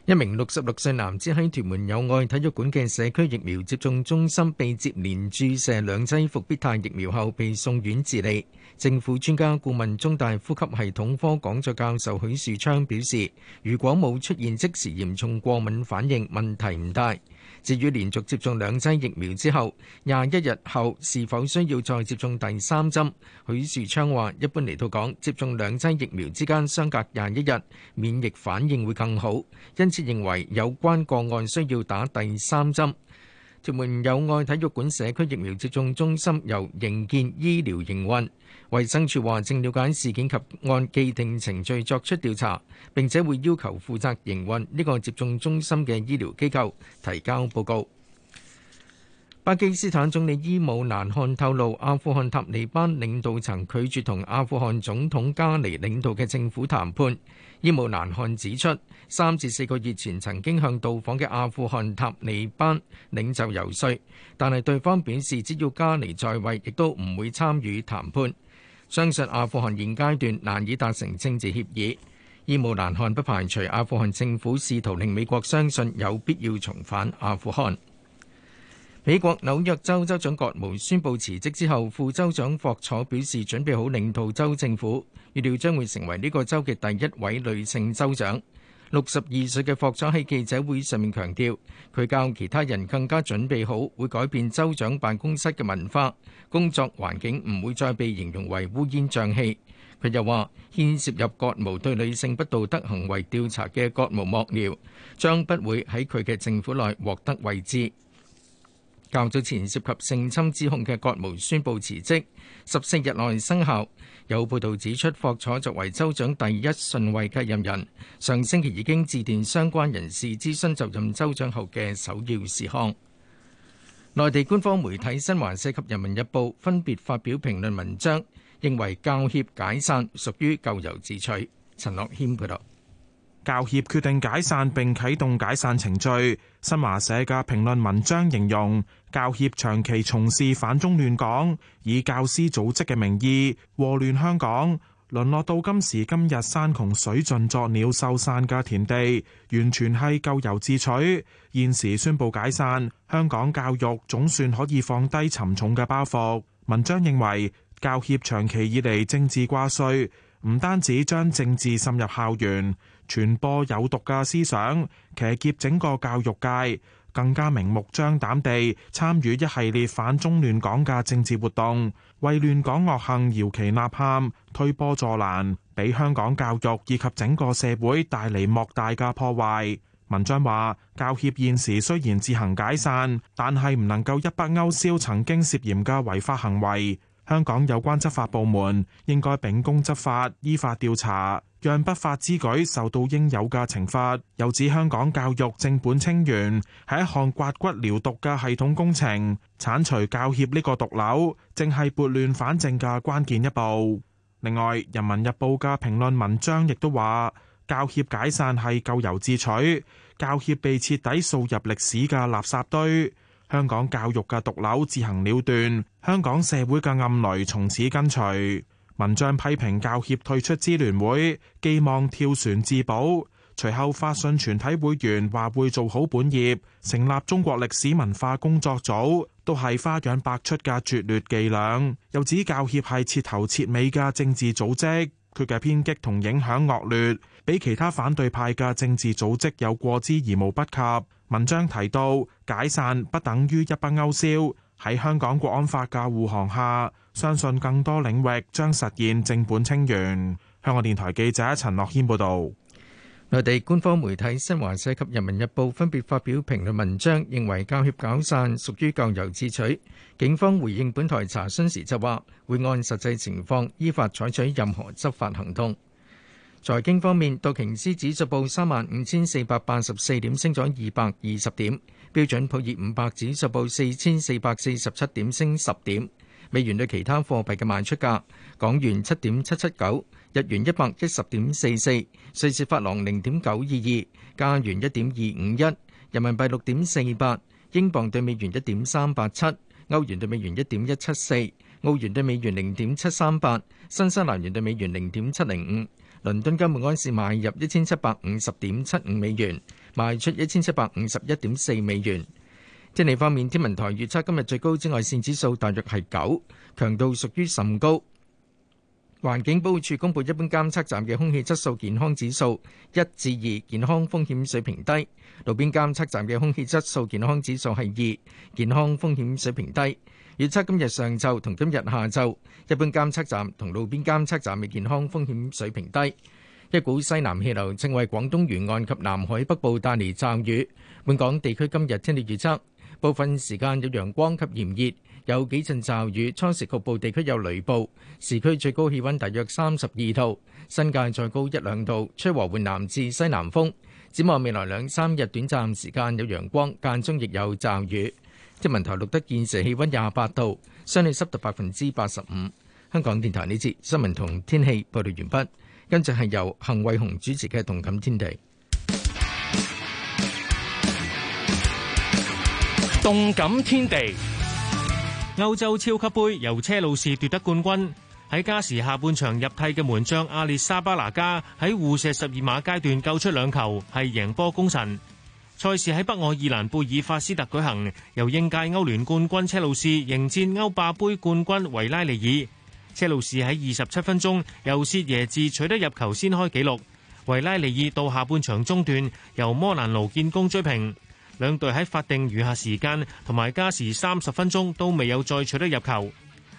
Speaker 11: 一名六十六歲男子喺屯門友愛體育館嘅社區疫苗接種中心被接連注射兩劑復必泰疫苗後，被送院治理。政府專家顧問中大呼吸系統科講座教授許樹昌表示，如果冇出現即時嚴重過敏反應，問題唔大。至於連續接種兩劑疫苗之後廿一日後是否需要再接種第三針，許樹昌話：一般嚟到講，接種兩劑疫苗之間相隔廿一日，免疫反應會更好，因此認為有關個案需要打第三針。屯門友愛體育館社區疫苗接種中心由營建醫療營運。衛生署話正了解事件及按既定程序作出調查，並且會要求負責營運呢個接種中心嘅醫療機構提交報告。巴基斯坦總理伊姆蘭汗透露，阿富汗塔利班領導層拒絕同阿富汗總統加尼領導嘅政府談判。伊姆蘭汗指出，三至四個月前曾經向到訪嘅阿富汗塔利班領袖游說，但係對方表示只要加尼在位，亦都唔會參與談判。相信阿富汗現階段難以達成政治協議，伊姆蘭汗不排除阿富汗政府試圖令美國相信有必要重返阿富汗。美國紐約州州長葛摩宣布辭職之後，副州長霍楚表示準備好領導州政府，預料將會成為呢個州嘅第一位女性州長。六十二歲嘅霍生喺記者會上面強調，佢教其他人更加準備好，會改變州長辦公室嘅文化，工作環境，唔會再被形容為烏煙瘴氣。佢又話，牽涉入國務對女性不道德行為調查嘅國務幕僚，將不會喺佢嘅政府內獲得位置。較早前涉及性侵指控嘅葛模宣布辭職，十四日內生效。有報道指出，霍楚作為州長第一順位繼任人，上星期已經致電相關人士諮詢就任州長後嘅首要事項。內地官方媒體《新華社》及《人民日報》分別發表
Speaker 15: 評論文章，認為教協解散屬於咎由自取。陳樂謙報道。教協決定解散，並啟動解散程序。新華社嘅評論文章形容，教協長期從事反中亂港，以教師組織嘅名義禍亂香港，淪落到今時今日山窮水盡、作鳥獸散嘅田地，完全係咎由自取。現時宣佈解散，香港教育總算可以放低沉重嘅包袱。文章認為，教協長期以嚟政治掛帥，唔單止將政治滲入校園。傳播有毒嘅思想，騎劫整個教育界，更加明目張膽地參與一系列反中亂港嘅政治活動，為亂港惡行搖旗吶喊、推波助瀾，俾香港教育以及整個社會帶嚟莫大嘅破壞。文章話，教協現時雖然自行解散，但係唔能夠一筆勾銷曾經涉嫌嘅違法行為。香港有關執法部門應該秉公執法，依法調查。讓不法之舉受到應有嘅懲罰，又指香港教育正本清源係一項刮骨療毒嘅系統工程，鏟除教協呢個毒瘤，正係撥亂反正嘅關鍵一步。另外，《人民日報》嘅評論文章亦都話，教協解散係咎由自取，教協被徹底掃入歷史嘅垃圾堆，香港教育嘅毒瘤自行了斷，香港社會嘅暗雷從此根除。文章批評教協退出支聯會，寄望跳船自保。隨後發信全體會員，話會做好本業，成立中國歷史文化工作組，都係花樣百出嘅絕劣伎倆。又指教協係徹頭徹尾嘅政治組織，佢嘅偏激同影響惡劣，比其他反對派嘅政治組織有過之而無不及。文章提到，解散不等於一筆勾銷，喺香港國安法嘅護航下，相信更多領域將實現正本清源。香港電台記者陳樂軒報導，內地官方媒體《新華社》及《人民日報》分別發表評論文章，
Speaker 11: 認為教協搞散屬於咎由自取。警方回應本台查詢時就話，會按實際情況依法採取任何執法行動。財經方面，道瓊斯指數報三萬五千四百八十四點，升咗二百二十點；標準普爾五百指數報四千四百四十七點，升十點。美元對其他貨幣嘅賣出價：港元七點七七九，日元一百一十點四四，瑞士法郎零點九二二，加元一點二五一，人民幣六點四八，英鎊對美元一點三八七，歐元對美元一點一七四，澳元對美元零點七三八，新西蘭元對美元零點七零五。倫敦金每安士買入一千七百五十點七五美元，賣出一千七百五十一點四美元。天氣方面，天文台預測今日最高紫外線指數大約係九，強度屬於甚高。環境保護署公布一般監測站嘅空氣質素健康指數一至二，健康風險水平低；路邊監測站嘅空氣質素健康指數係二，健康風險水平低。預測今日上晝同今日下晝，一般監測站同路邊監測站嘅健康風險水平低。一股西南氣流正為廣東沿岸及南海北部帶嚟驟雨。本港地區今日天氣預測。部分時間有陽光及炎熱，有幾陣驟雨，初時局部地區有雷暴。市區最高氣温大約三十二度，新界再高一兩度。吹和緩南至西南風。展望未來兩三日，短暫時間有陽光，間中亦有驟雨。天文台錄得現時氣温廿八度，相對濕度百分之八十五。香港電台呢節新聞同天氣報道完畢，跟住係由幸偉雄主持嘅《動感天地》。
Speaker 16: 動感天地，歐洲超級盃由車路士奪得冠軍。喺加時下半場入替嘅門將阿列沙巴拿加喺互射十二碼階段救出兩球，係贏波功臣。賽事喺北愛爾蘭貝爾法斯特舉行，由應屆歐聯冠軍車路士迎戰歐霸盃冠軍維拉利爾。車路士喺二十七分鐘由薛耶治取得入球，先開紀錄。維拉利爾到下半場中段由摩蘭奴建功追平。兩隊喺法定餘下時間同埋加時三十分鐘都未有再取得入球。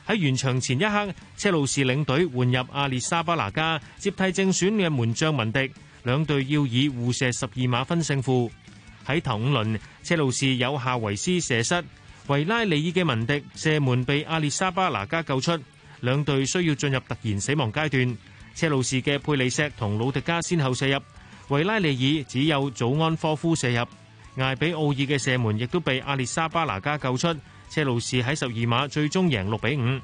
Speaker 16: 喺完場前一刻，車路士領隊換入阿列沙巴拿加接替正選嘅門將文迪，兩隊要以互射十二碼分勝負。喺頭五輪，車路士有夏維斯射失，維拉利爾嘅文迪射門被阿列沙巴拿加救出。兩隊需要進入突然死亡階段。車路士嘅佩里錫同魯迪加先後射入，維拉利爾只有祖安科夫射入。艾比奧爾嘅射門亦都被阿列沙巴拿加救出，車路士喺十二碼最終贏六比五。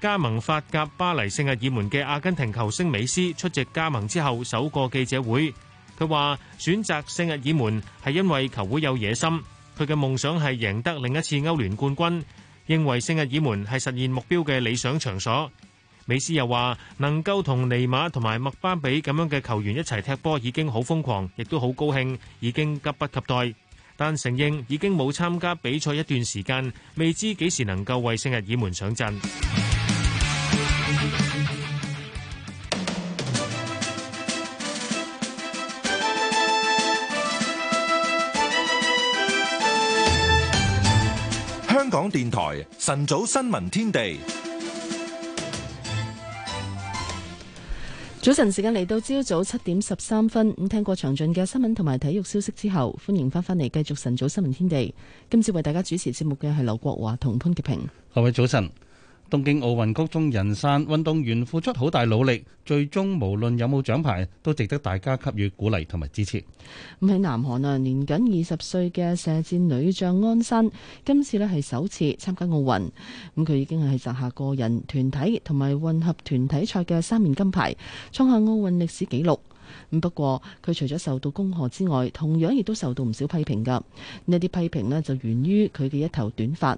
Speaker 16: 加盟法甲巴黎聖日耳門嘅阿根廷球星美斯出席加盟之後首個記者會，佢話選擇聖日耳門係因為球會有野心，佢嘅夢想係贏得另一次歐聯冠軍，認為聖日耳門係實現目標嘅理想場所。美斯又話：能夠同尼馬同埋麥巴比咁樣嘅球員一齊踢波已經好瘋狂，亦都好高興，已經急不及待。但承認已經冇參加比賽一段時間，未知幾時能夠為聖日耳門上陣。
Speaker 1: 香港電台晨早新聞天地。
Speaker 3: 早晨時間嚟,到朝早七點十三分，咁聽過詳盡嘅新聞同埋體育消息之後，歡迎翻返嚟繼續晨早新聞天地。今次為大家主持節目嘅係劉國華同潘潔平。
Speaker 4: 各位早晨。東京奧運曲終人散，運動員付出好大努力，最終無論有冇獎牌，都值得大家給予鼓勵同埋支持。咁
Speaker 3: 喺南韓啊，年僅二十歲嘅射箭女將安山，今次呢係首次參加奧運，咁佢已經係摘下個人、團體同埋混合團體賽嘅三面金牌，創下奧運歷史紀錄。咁不過佢除咗受到恭賀之外，同樣亦都受到唔少批評噶。呢啲批評呢，就源於佢嘅一頭短髮。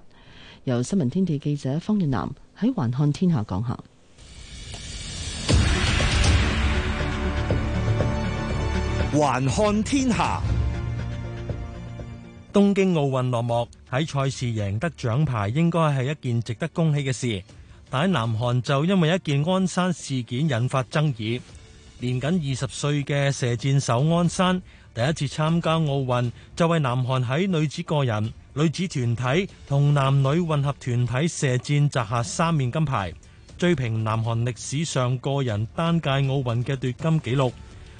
Speaker 3: 由新聞天地記者方月南喺《橫看天下》講下。
Speaker 5: 《橫看天下》東京奧運落幕，喺賽事贏得獎牌應該係一件值得恭喜嘅事，但喺南韓就因為一件鞍山事件引發爭議。年僅二十歲嘅射箭手鞍山，第一次參加奧運就為南韓喺女子個人，女子團體同男女混合團體射箭摘下三面金牌，追平南韓歷史上個人單屆奧運嘅奪金紀錄。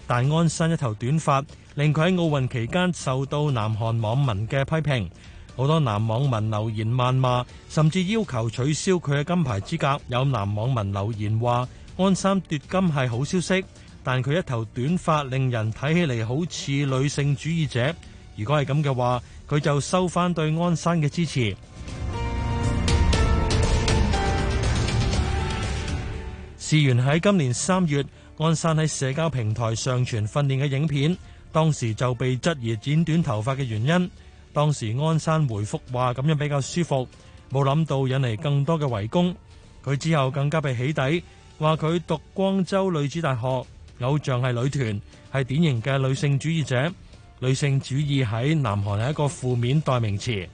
Speaker 5: 但安山一頭短髮令佢喺奧運期間受到南韓網民嘅批評，好多男網民留言謾罵，甚至要求取消佢嘅金牌資格。有男網民留言話：安山奪金係好消息，但佢一頭短髮令人睇起嚟好似女性主義者。如果係咁嘅話，佢就收返對安山嘅支持。 事源喺今年三月，安山喺社交平台上傳訓練嘅影片，當時就被質疑剪短頭髮嘅原因。當時安山回覆話：咁樣比較舒服，冇諗到引嚟更多嘅圍攻。佢之後更加被起底，話佢讀光州女子大學，偶像係女團，係典型嘅女性主義者。女性主義喺南韓係一個負面代名詞。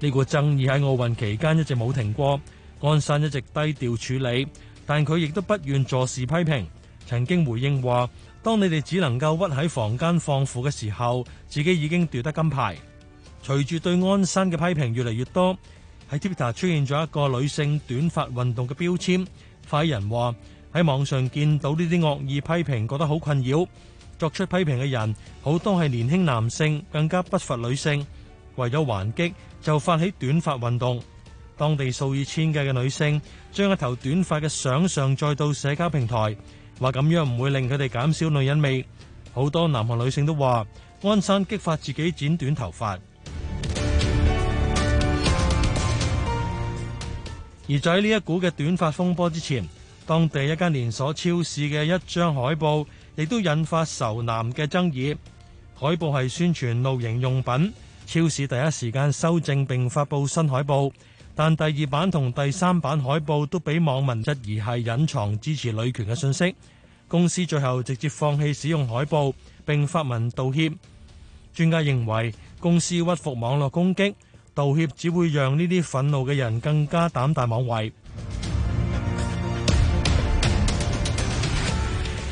Speaker 5: 呢個爭議喺奧運期間一直冇停過，安山一直低調處理，但佢亦都不願坐視批評。曾經回應話：當你哋只能夠屈喺房間放負嘅時候，自己已經奪得金牌。隨住對安山嘅批評越嚟越多，喺 Twitter 出現咗一個女性短髮運動嘅標籤。快人話。喺網上見到呢啲惡意批評，覺得好困擾。作出批評嘅人好多係年輕男性，更加不乏女性。為咗還擊，就發起短髮運動。當地數以千計嘅女性將一頭短髮嘅相上載到社交平台，話咁樣唔會令佢哋減少女人味。好多南韓女性都話，安山激發自己剪短頭髮。 而就喺呢一股嘅短髮風波之前，當地一間連鎖超市嘅一張海報，亦都引發仇男嘅爭議。海報係宣傳露營用品，超市第一時間修正並發布新海報，但第二版同第三版海報都俾網民質疑係隱藏支持女權嘅訊息。公司最後直接放棄使用海報並發文道歉。專家認為公司屈服網絡攻擊，道歉只會讓呢啲憤怒嘅人更加膽大妄為。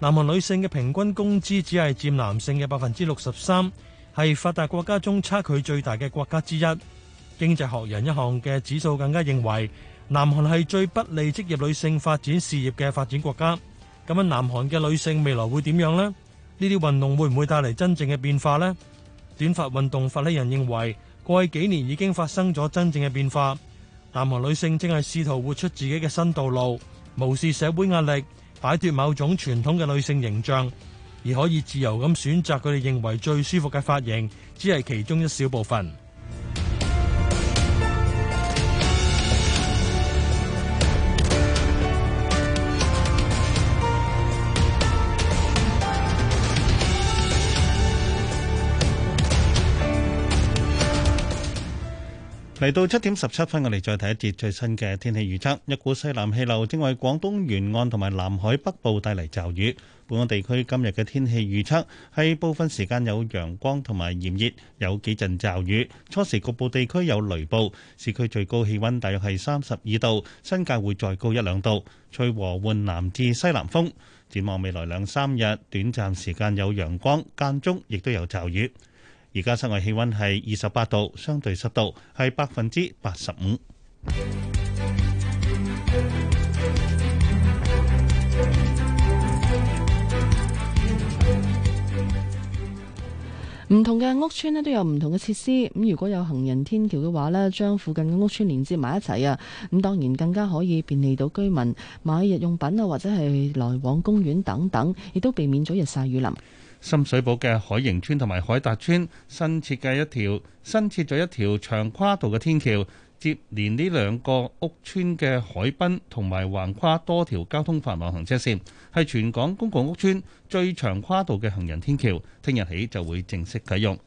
Speaker 5: 南韓女性嘅平均工資只係佔男性嘅百分之六十三，係發達國家中差距最大嘅國家之一。經濟學人一項嘅指數更加認為，南韓係最不利職業女性發展事業嘅發展國家。咁喺南韓嘅女性未來會點樣呢？呢啲運動會唔會帶嚟真正嘅變化呢？短髮運動發起人認為，過去幾年已經發生咗真正嘅變化。南韓女性正係試圖活出自己嘅新道路，無視社會壓力。擺脫某種傳統嘅女性形象，而可以自由咁選擇佢哋認為最舒服嘅髮型，只係其中一小部分。
Speaker 4: 嚟到七點十七分，我哋再睇一節最新嘅天氣預測。一股西南氣流正為廣東沿岸同埋南海北部帶嚟驟雨。本港地區今日嘅天氣預測係部分時間有陽光同埋炎熱，有幾陣驟雨。初時局部地區有雷暴。市區最高氣溫大約係三十二度，新界會再高一兩度。吹和緩南至西南風。展望未來兩三日，短暫時間有陽光，間中亦都有驟雨。而家室外氣溫係二十八度，相對濕度係百分之八十五。
Speaker 3: 唔同嘅屋村咧都有唔同嘅設施，咁如果有行人天橋嘅話咧，將附近嘅屋村連接埋一齊啊，咁當然更加可以便利到居民買日用品啊，或者係來往公園等等，亦都避免咗日曬雨淋。
Speaker 4: 深水埗嘅海盈村同埋海達村新設嘅一條新設咗一條長跨度嘅天橋，接連呢兩個屋邨嘅海濱同埋橫跨多條交通繁忙行車線，係全港公共屋邨最長跨度嘅行人天橋，聽日起就會正式啟用。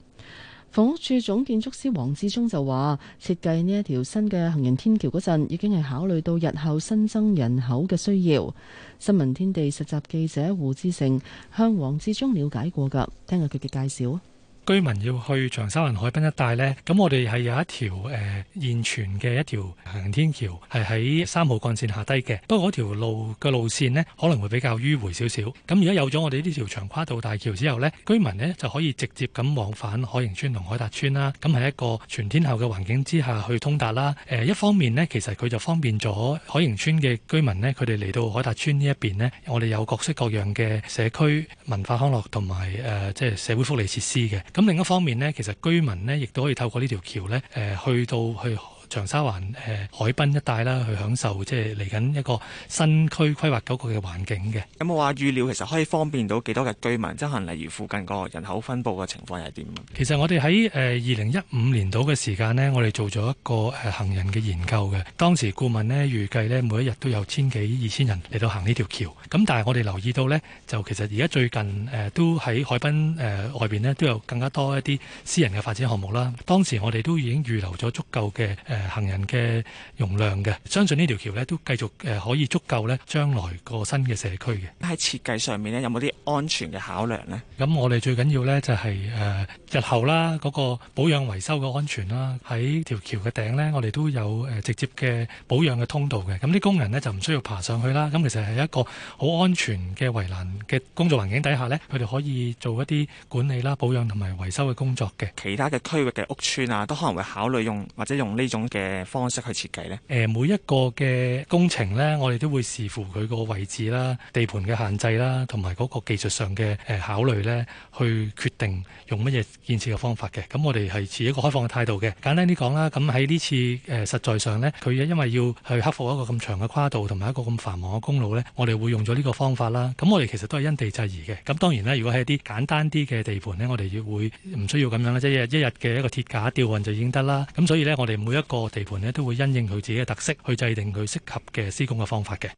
Speaker 3: 房屋署總建築師黃志忠就話，設計呢一條新嘅行人天橋嗰陣，已經係考慮到日後新增人口嘅需要。新聞天地實習記者胡志成向黃志忠了解過噶，聽下佢嘅介紹。
Speaker 17: 居民要去長沙灣海濱一帶呢。咁我哋係有一條誒、呃、現存嘅一條行人天橋，係喺三號幹線下低嘅。不過嗰條路嘅路線呢，可能會比較迂迴少少。咁而家有咗我哋呢條長跨度大橋之後呢，居民呢就可以直接咁往返海盈邨同海達邨啦。咁係一個全天候嘅環境之下去通達啦。誒、呃、一方面呢，其實佢就方便咗海盈邨嘅居民呢，佢哋嚟到海達邨呢一邊呢，我哋有各式各樣嘅社區文化康樂同埋誒即係社會福利設施嘅。咁另一方面咧，其實居民咧亦都可以透過呢條橋咧，誒、呃、去到去長沙灣誒、呃、海濱一帶啦，去享受即係嚟緊一個新區規劃嗰個嘅環境嘅。
Speaker 12: 咁我話預料其實可以方便到幾多嘅居民即係，例如附近個人口分佈嘅情況係點？
Speaker 17: 其實我哋喺誒二零一五年度嘅時間呢，我哋做咗一個誒、呃、行人嘅研究嘅。當時顧問呢預計呢，每一日都有千幾二千人嚟到行呢條橋。咁但係我哋留意到呢，就其實而家最近誒、呃、都喺海濱誒、呃、外邊咧，都有更加多一啲私人嘅發展項目啦。當時我哋都已經預留咗足夠嘅誒行人嘅容量嘅，相信呢條橋咧都繼續誒、呃、可以足夠咧，將來個新嘅社區嘅
Speaker 12: 喺設計上面咧，有冇啲安全嘅考量咧？
Speaker 17: 咁我哋最緊要咧就係、是、誒、呃、日後啦，嗰、那個保養維修嘅安全啦，喺條橋嘅頂咧，我哋都有誒直接嘅保養嘅通道嘅。咁啲工人咧就唔需要爬上去啦。咁其實係一個好安全嘅圍欄嘅工作環境底下咧，佢哋可以做一啲管理啦、保養同埋維修嘅工作嘅。其
Speaker 12: 他嘅區域嘅屋邨啊，都可能會考慮用或者用呢種。嘅方式去設計咧？
Speaker 17: 誒每一個嘅工程咧，我哋都會視乎佢個位置啦、地盤嘅限制啦，同埋嗰個技術上嘅誒考慮咧，去決定用乜嘢建設嘅方法嘅。咁我哋係持一個開放嘅態度嘅。簡單啲講啦，咁喺呢次誒實在上咧，佢因為要去克服一個咁長嘅跨度同埋一個咁繁忙嘅公路咧，我哋會用咗呢個方法啦。咁我哋其實都係因地制宜嘅。咁當然啦，如果係一啲簡單啲嘅地盤咧，我哋亦會唔需要咁樣啦，即係一日嘅一個鐵架吊運就已經得啦。咁所以咧，我哋每一個。個地盤呢，都會因應佢自己嘅特色，去制定佢適合嘅施工嘅方法嘅。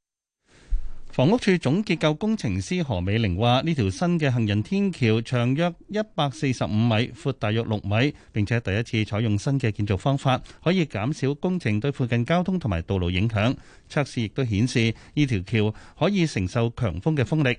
Speaker 4: 房屋署總結構工程師何美玲話，呢條新嘅行人天橋長約一百四十五米，闊大約六米，並且第一次採用新嘅建造方法，可以減少工程對附近交通同埋道路影響。測試亦都顯示，呢條橋可以承受強風嘅風力。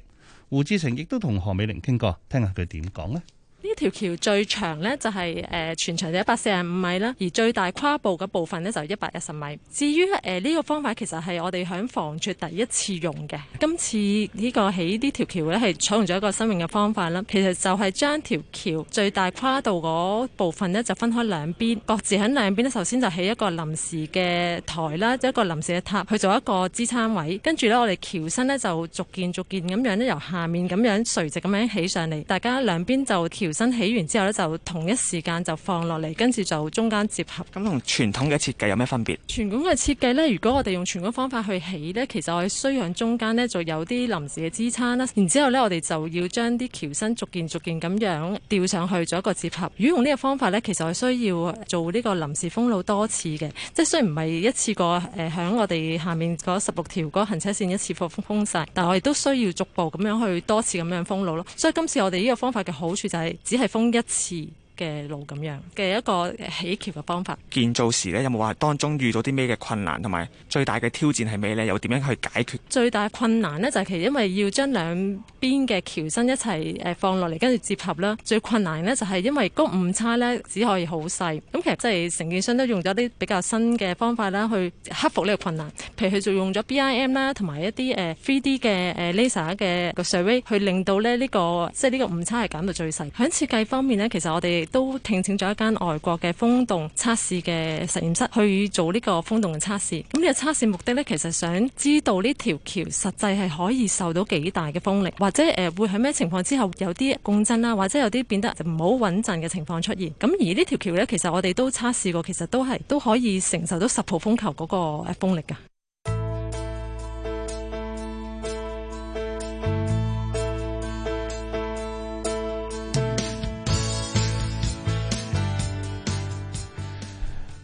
Speaker 4: 胡志成亦都同何美玲傾過，聽下佢點講呢。
Speaker 9: 呢條橋最長呢、就是，就係誒全長有一百四十五米啦，而最大跨步嘅部分呢，就一百一十米。至於誒呢個方法其實係我哋響房署第一次用嘅，今次呢、呢個起呢條橋呢，係採用咗一個新穎嘅方法啦。其實就係將條橋最大跨度嗰部分呢，就分開兩邊，各自喺兩邊呢首先就起一個臨時嘅台啦，一個臨時嘅塔去做一個支撐位，跟住呢，我哋橋身呢，就逐件逐件咁樣呢由下面咁樣垂直咁樣起上嚟，大家兩邊就橋。橋身起完之後呢，就同一時間就放落嚟，跟住就中間接合。咁同傳統嘅設計有咩分別？傳統嘅設計呢，如果我哋用傳統方法去起呢，其實我哋需要喺中間呢就有啲臨時嘅支撐啦。然之後呢，我哋就要將啲橋身逐件逐件咁樣吊上去，做一個接合。如果用呢個方法呢，其實我需要做呢個臨時封路多次嘅，即係雖然唔係一次過誒響、呃、我哋下面嗰十六條嗰行車線一次封封晒，但係我亦都需要逐步咁樣去多次咁樣封路咯。所以今次我哋呢個方法嘅好處就係、是。只係封一次，嘅路咁樣嘅一個起橋嘅方法。
Speaker 12: 建造時咧，有冇話當中遇到啲咩嘅困難，同埋最大嘅挑戰係咩呢？又點樣去解決？
Speaker 9: 最大困難呢，就係、是、其實因為要將兩邊嘅橋身一齊誒放落嚟，跟住接合啦。最困難呢，就係、是、因為個誤差呢只可以好細。咁其實即係承建商都用咗啲比較新嘅方法啦，去克服呢個困難。譬如佢就用咗 BIM 啦，同埋一啲 three d 嘅誒 Laser 嘅個 Survey 去令到咧、這、呢個即係呢個誤差係減到最細。喺設計方面呢，其實我哋都聘請咗一間外國嘅風洞測試嘅實驗室去做呢個風洞嘅測試。咁呢個測試目的呢，其實想知道呢條橋實際係可以受到幾大嘅風力，或者誒、呃、會喺咩情況之後有啲共振啦，或者有啲變得唔好穩陣嘅情況出現。咁而呢條橋呢，其實我哋都測試過，其實都係都可以承受到十號風球嗰個風力噶。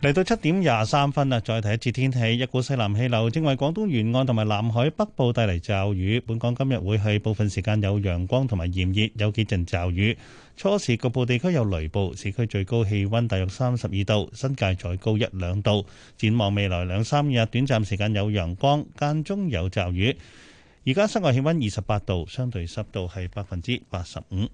Speaker 4: 嚟到七點廿三分啦，再睇一次天氣。一股西南氣流正為廣東沿岸同埋南海北部帶嚟驟雨，本港今日會係部分時間有陽光同埋炎熱，有幾陣驟雨。初時局部地區有雷暴，市區最高氣温大約三十二度，新界再高一兩度。展望未來兩三日，短暫時間有陽光，間中有驟雨。而家室外氣温二十八度，相對濕度係百分之八十五。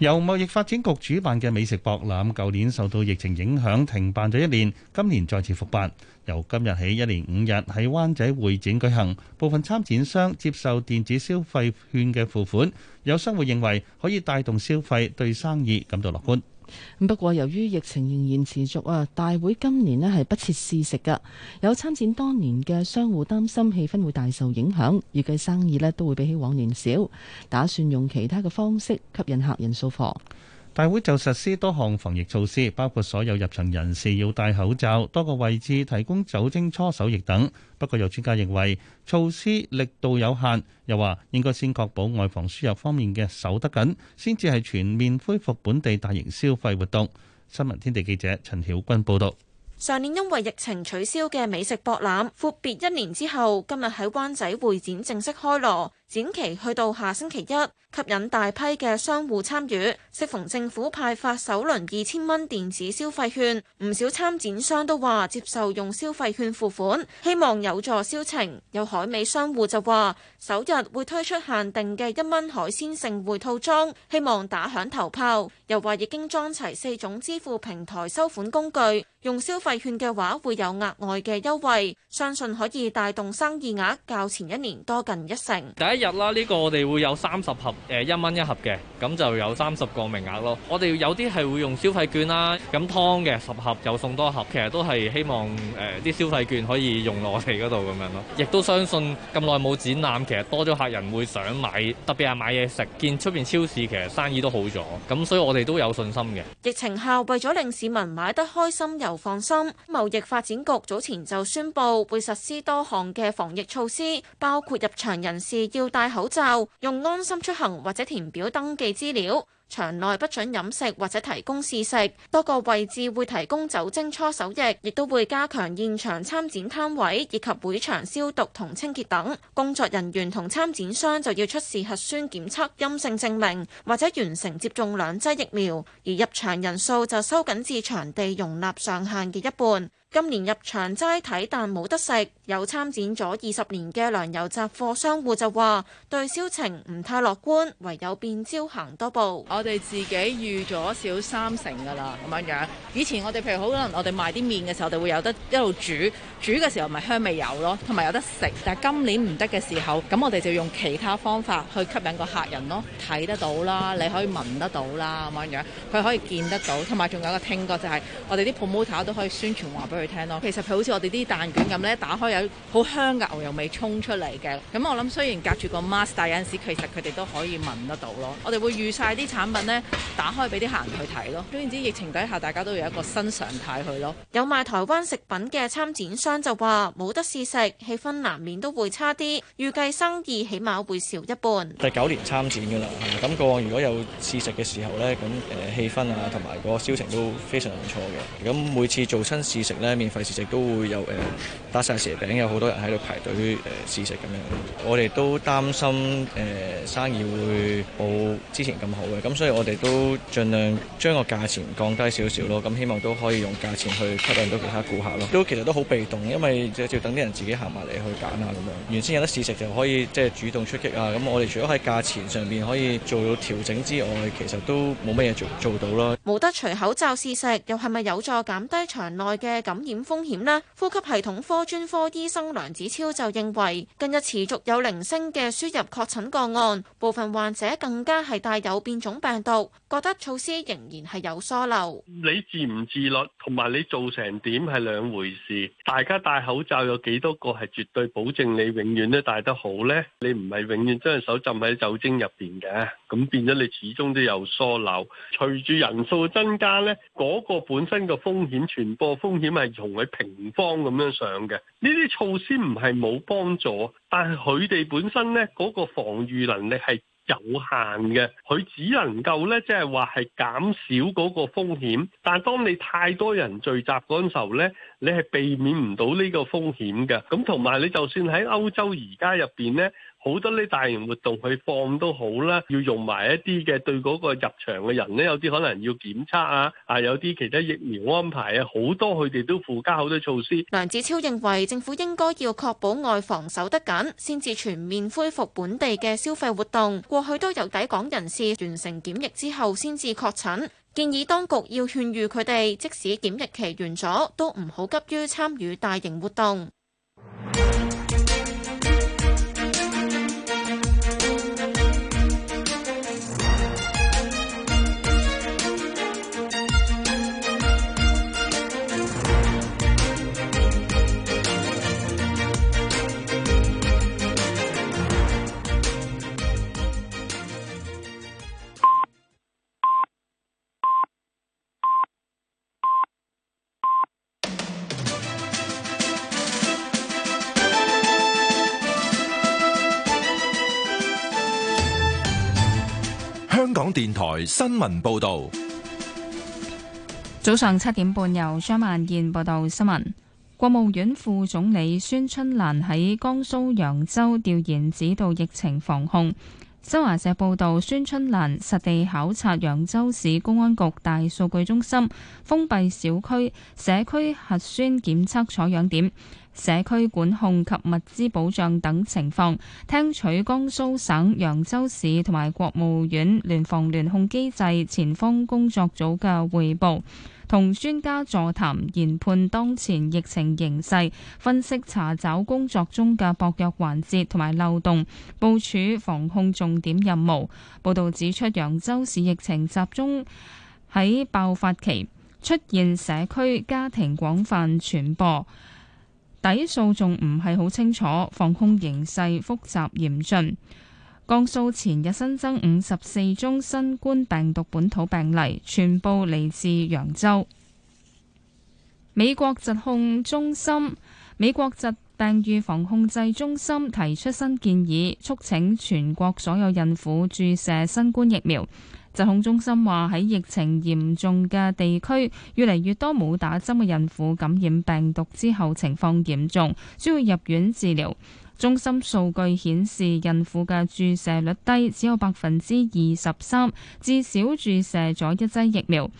Speaker 4: 由貿易發展局主辦嘅美食博覽，舊年受到疫情影響停辦咗一年，今年再次復辦。由今日起一連五日喺灣仔會展舉行，部分參展商接受電子消費券嘅付款。有商戶認為可以帶動消費，對生意感到樂觀。
Speaker 3: 不過由於疫情仍然持續啊，大會今年咧係不設試食噶，有參展當年嘅商戶擔心氣氛會大受影響，預計生意咧都會比起往年少，打算用其他嘅方式吸引客人掃貨。大
Speaker 4: 會就實施多項防疫措施，包括所有入場人士要戴口罩，多個位置提供酒精搓手液等。不過，有專家認為措施力度有限，又話應該先確保外防輸入方面嘅守得緊，先至係全面恢復本地大型消費活動。新聞天地記者陳曉君報道。
Speaker 18: 上年因為疫情取消嘅美食博覽，闊別一年之後，今日喺灣仔會展正式開鑼。展期去到下星期一，吸引大批嘅商戶參與適逢政府派發首輪二千蚊電子消費券，唔少參展商都話接受用消費券付款，希望有助銷情。有海味商戶就話，首日會推出限定嘅一蚊海鮮盛匯套裝，希望打響頭炮。又話已經裝齊四種支付平台收款工具，用消費券嘅話會有額外嘅優惠，相信可以帶動生意額較前一年多近一成。
Speaker 17: 日啦，呢個我哋會有三十盒誒一蚊一盒嘅，咁就有三十個名額咯。我哋有啲係會用消費券啦，咁湯嘅十盒又送多一盒，其實都係希望誒啲消費券可以用落我哋嗰度咁樣咯。亦都相信咁耐冇展覽，其實多咗客人會想買，特別係買嘢食。見出邊超市其實生意都好咗，咁所以我哋都有信心嘅。
Speaker 18: 疫情後，為咗令市民買得開心又放心，貿易發展局早前就宣布會實施多項嘅防疫措施，包括入場人士要戴口罩，用安心出行或者填表登記資料。場內不准飲食或者提供試食。多個位置會提供酒精搓手液，亦都會加強現場參展攤位以及會場消毒同清潔等。工作人員同參展商就要出示核酸檢測陰性證明或者完成接種兩劑疫苗。而入場人數就收緊至場地容納上限嘅一半。今年入場齋睇但冇得食，有參展咗二十年嘅糧油雜貨商戶就話對銷情唔太樂觀，唯有變招行多步。我哋自己預咗
Speaker 3: 少三成㗎喇，咁樣樣。以前我哋譬如好可能我哋賣啲麵嘅時候，我哋會有得一路煮煮嘅時候咪香味油咯，同埋有得食。但係今年唔得嘅時候，咁我哋就用其他方法去吸引個客人咯，睇得到啦，你可以聞得到啦，咁樣樣佢可以見得到，同埋仲有一個聽覺就係我哋啲 promoter 都可以宣傳話俾。佢聽咯，其實佢好似我哋啲蛋卷咁咧，打開有好香嘅牛油味衝出嚟嘅。咁我諗雖然隔住個 mask，但係有陣時其實佢哋都可以聞得到咯。我哋會預晒啲產品咧，打開俾啲客人
Speaker 18: 去睇咯。總言之，疫情底下大家都有一個新常態去咯。有賣台灣食品嘅參展商就話：冇得試食，氣氛難免都會差啲，預計生意起碼會少一半。
Speaker 17: 第九年參展㗎啦，咁過往如果有試食嘅時候咧，咁誒、呃、氣氛啊同埋個銷情都非常唔錯嘅。咁每次做親試食咧。免費試食都會有誒、呃，打晒蛇餅有好多人喺度排隊誒、呃、試食咁樣。我哋都擔心誒、呃、生意會冇之前咁好嘅，咁所以我哋都盡量將個價錢降低少少咯。咁希望都可以用價錢去吸引到其他顧客咯。都其實都好被動，因為就等啲人自己行埋嚟去揀啊咁樣。原先有得試食就可以即係主動出擊啊。咁我哋除咗喺價錢上面可以做到調整之外，其實都冇乜嘢做做到啦。
Speaker 18: 冇得除口罩試食，又係咪有助減低場內嘅咁感染風險咧，呼吸系統科專科醫生梁子超就認為，近日持續有零星嘅輸入確診個案，部分患者更加係帶有變種病毒，覺得措施仍然係有疏漏。
Speaker 6: 你自唔自律，同埋你做成點係兩回事。大家戴口罩有幾多個係絕對保證你永遠都戴得好咧？你唔係永遠將手浸喺酒精入邊嘅，咁變咗你始終都有疏漏。隨住人數增加咧，嗰個本身嘅風險傳播風險係。同佢平方咁樣上嘅呢啲措施唔係冇幫助，但係佢哋本身咧嗰個防禦能力係有限嘅，佢只能夠咧即係話係減少嗰個風險，但係當你太多人聚集嗰陣時候咧。你係避免唔到呢個風險嘅，咁同埋你就算喺歐洲而家入邊呢，好多啲大型活動去放都好啦，要用埋一啲嘅對嗰個入場嘅人呢。有啲可能要檢測啊，啊有啲其他疫苗安排啊，好多佢哋都附加好多措施。梁
Speaker 18: 子超認為政府應該要確保外防守得緊，先至全面恢復本地嘅消費活動。過去都有抵港人士完成檢疫之後先至確診。建議當局要勸喻佢哋，即使檢疫期完咗，都唔好急於參與大型活動。
Speaker 1: 電台新聞報道：
Speaker 14: 早上七點半，由張萬燕報道新聞。國務院副總理孫春蘭喺江蘇揚州調研指導疫情防控。新華社報道，孫春蘭實地考察揚州市公安局大數據中心、封閉小區、社區核酸檢測採樣點，社區管控及物資保障等情況，聽取江蘇省揚州市同埋國務院聯防聯控機制前方工作組嘅彙報，同專家座談，研判當前疫情形勢，分析查找工作中嘅薄弱環節同埋漏洞，部署防控重點任務。報道指出，揚州市疫情集中喺爆發期出現社區家庭廣泛傳播。底數仲唔係好清楚，防控形勢複雜嚴峻。江蘇前日新增五十四宗新冠病毒本土病例，全部嚟自揚州。美國疾控中心、美國疾病預防控制中心提出新建議，促請全國所有孕婦注射新冠疫苗。疾控中心話喺疫情嚴重嘅地區，越嚟越多冇打針嘅孕婦感染病毒之後情況嚴重，需要入院治療，中心數據顯示，孕婦嘅注射率低，只有百分之二十三，至少注射咗一劑疫苗。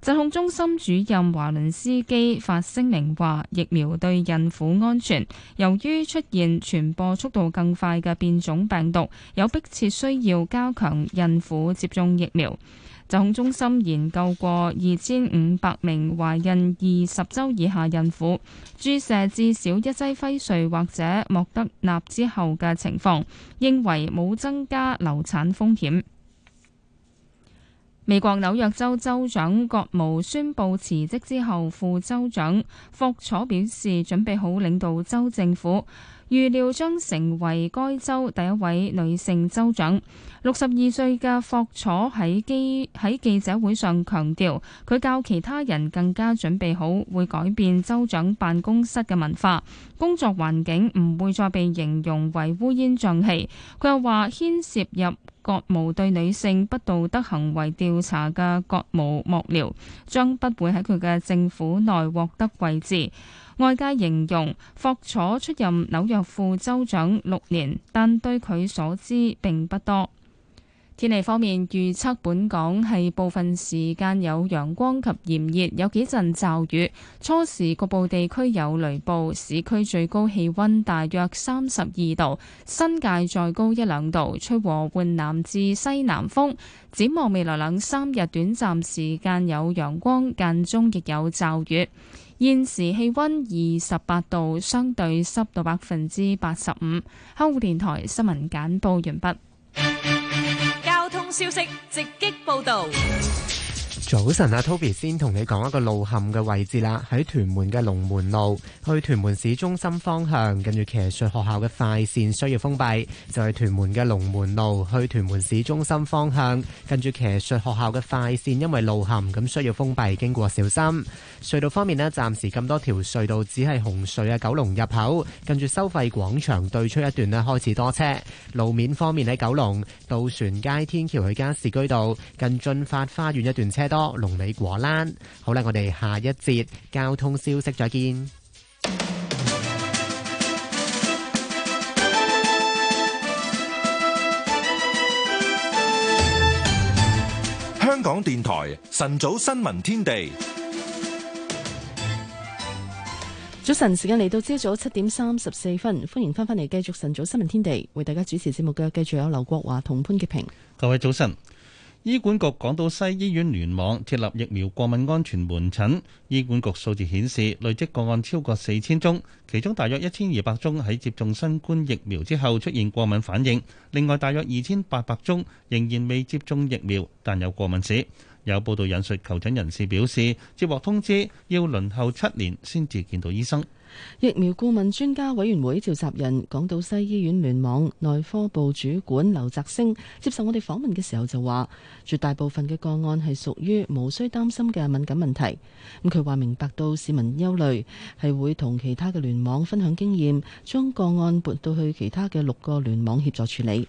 Speaker 14: 疾控中心主任華倫斯基發聲明話：疫苗對孕婦安全。由於出現傳播速度更快嘅變種病毒，有迫切需要加強孕婦接種疫苗。疾控中心研究過二千五百名懷孕二十周以下孕婦注射至少一劑輝瑞或者莫德納之後嘅情況，認為冇增加流產風險。美國紐約州州長葛謨宣布辭職之後，副州長霍楚表示準備好領導州政府，預料將成為該州第一位女性州長。六十二歲嘅霍楚喺記喺記者會上強調，佢較其他人更加準備好，會改變州長辦公室嘅文化，工作環境，唔會再被形容為烏煙瘴氣。佢又話牽涉入。國務對女性不道德行為調查嘅國務幕僚將不會喺佢嘅政府內獲得位置。外界形容霍楚出任紐約副州長六年，但對佢所知並不多。天氣方面，預測本港喺部分時間有陽光及炎熱，有幾陣驟雨。初時局部地區有雷暴，市區最高氣溫大約三十二度，新界再高一兩度。吹和緩南至西南風。展望未來兩三日，短暫時間有陽光，間中亦有驟雨。現時氣溫二十八度，相對濕度百分之八十五。香港電台新聞簡報完畢。
Speaker 19: 消息直擊報導。
Speaker 13: 早晨，阿 Toby 先同你講一個路陷嘅位置啦，喺屯門嘅龍門路去屯門市中心方向，跟住騎術學校嘅快線需要封閉，就係屯門嘅龍門路去屯門市中心方向，跟住騎術學校嘅快線，因為路陷咁需要封閉，經過小心。隧道方面咧，暫時咁多條隧道只係紅隧啊，九龍入口，跟住收費廣場對出一段咧開始多車。路面方面喺九龍渡船街天橋去加士居道近駿發花園一段車。多龍尾果欄，好啦，我哋下一節交通消息再見。
Speaker 1: 香港電台晨早新聞天地，早
Speaker 3: 晨時間嚟到朝早七點三十四分，歡迎翻返嚟繼續晨早新聞天地，為大家主持節目嘅繼續有劉國華同潘潔平，
Speaker 4: 各位早晨。醫管局港島西醫院聯網設立疫苗過敏安全門診，醫管局數字顯示累積個案超過四千宗，其中大約一千二百宗喺接種新冠疫苗之後出現過敏反應，另外大約二千八百宗仍然未接種疫苗，但有過敏史。有報道引述求診人士表示，接獲通知要輪候七年先至見到醫生。
Speaker 3: 疫苗顧問專家委員會召集人港島西醫院聯網內科部主管劉澤星接受我哋訪問嘅時候就話，絕大部分嘅個案係屬於無需擔心嘅敏感問題。咁佢話明白到市民憂慮，係會同其他嘅聯網分享經驗，將個案撥到去其他嘅六個聯網協助處理。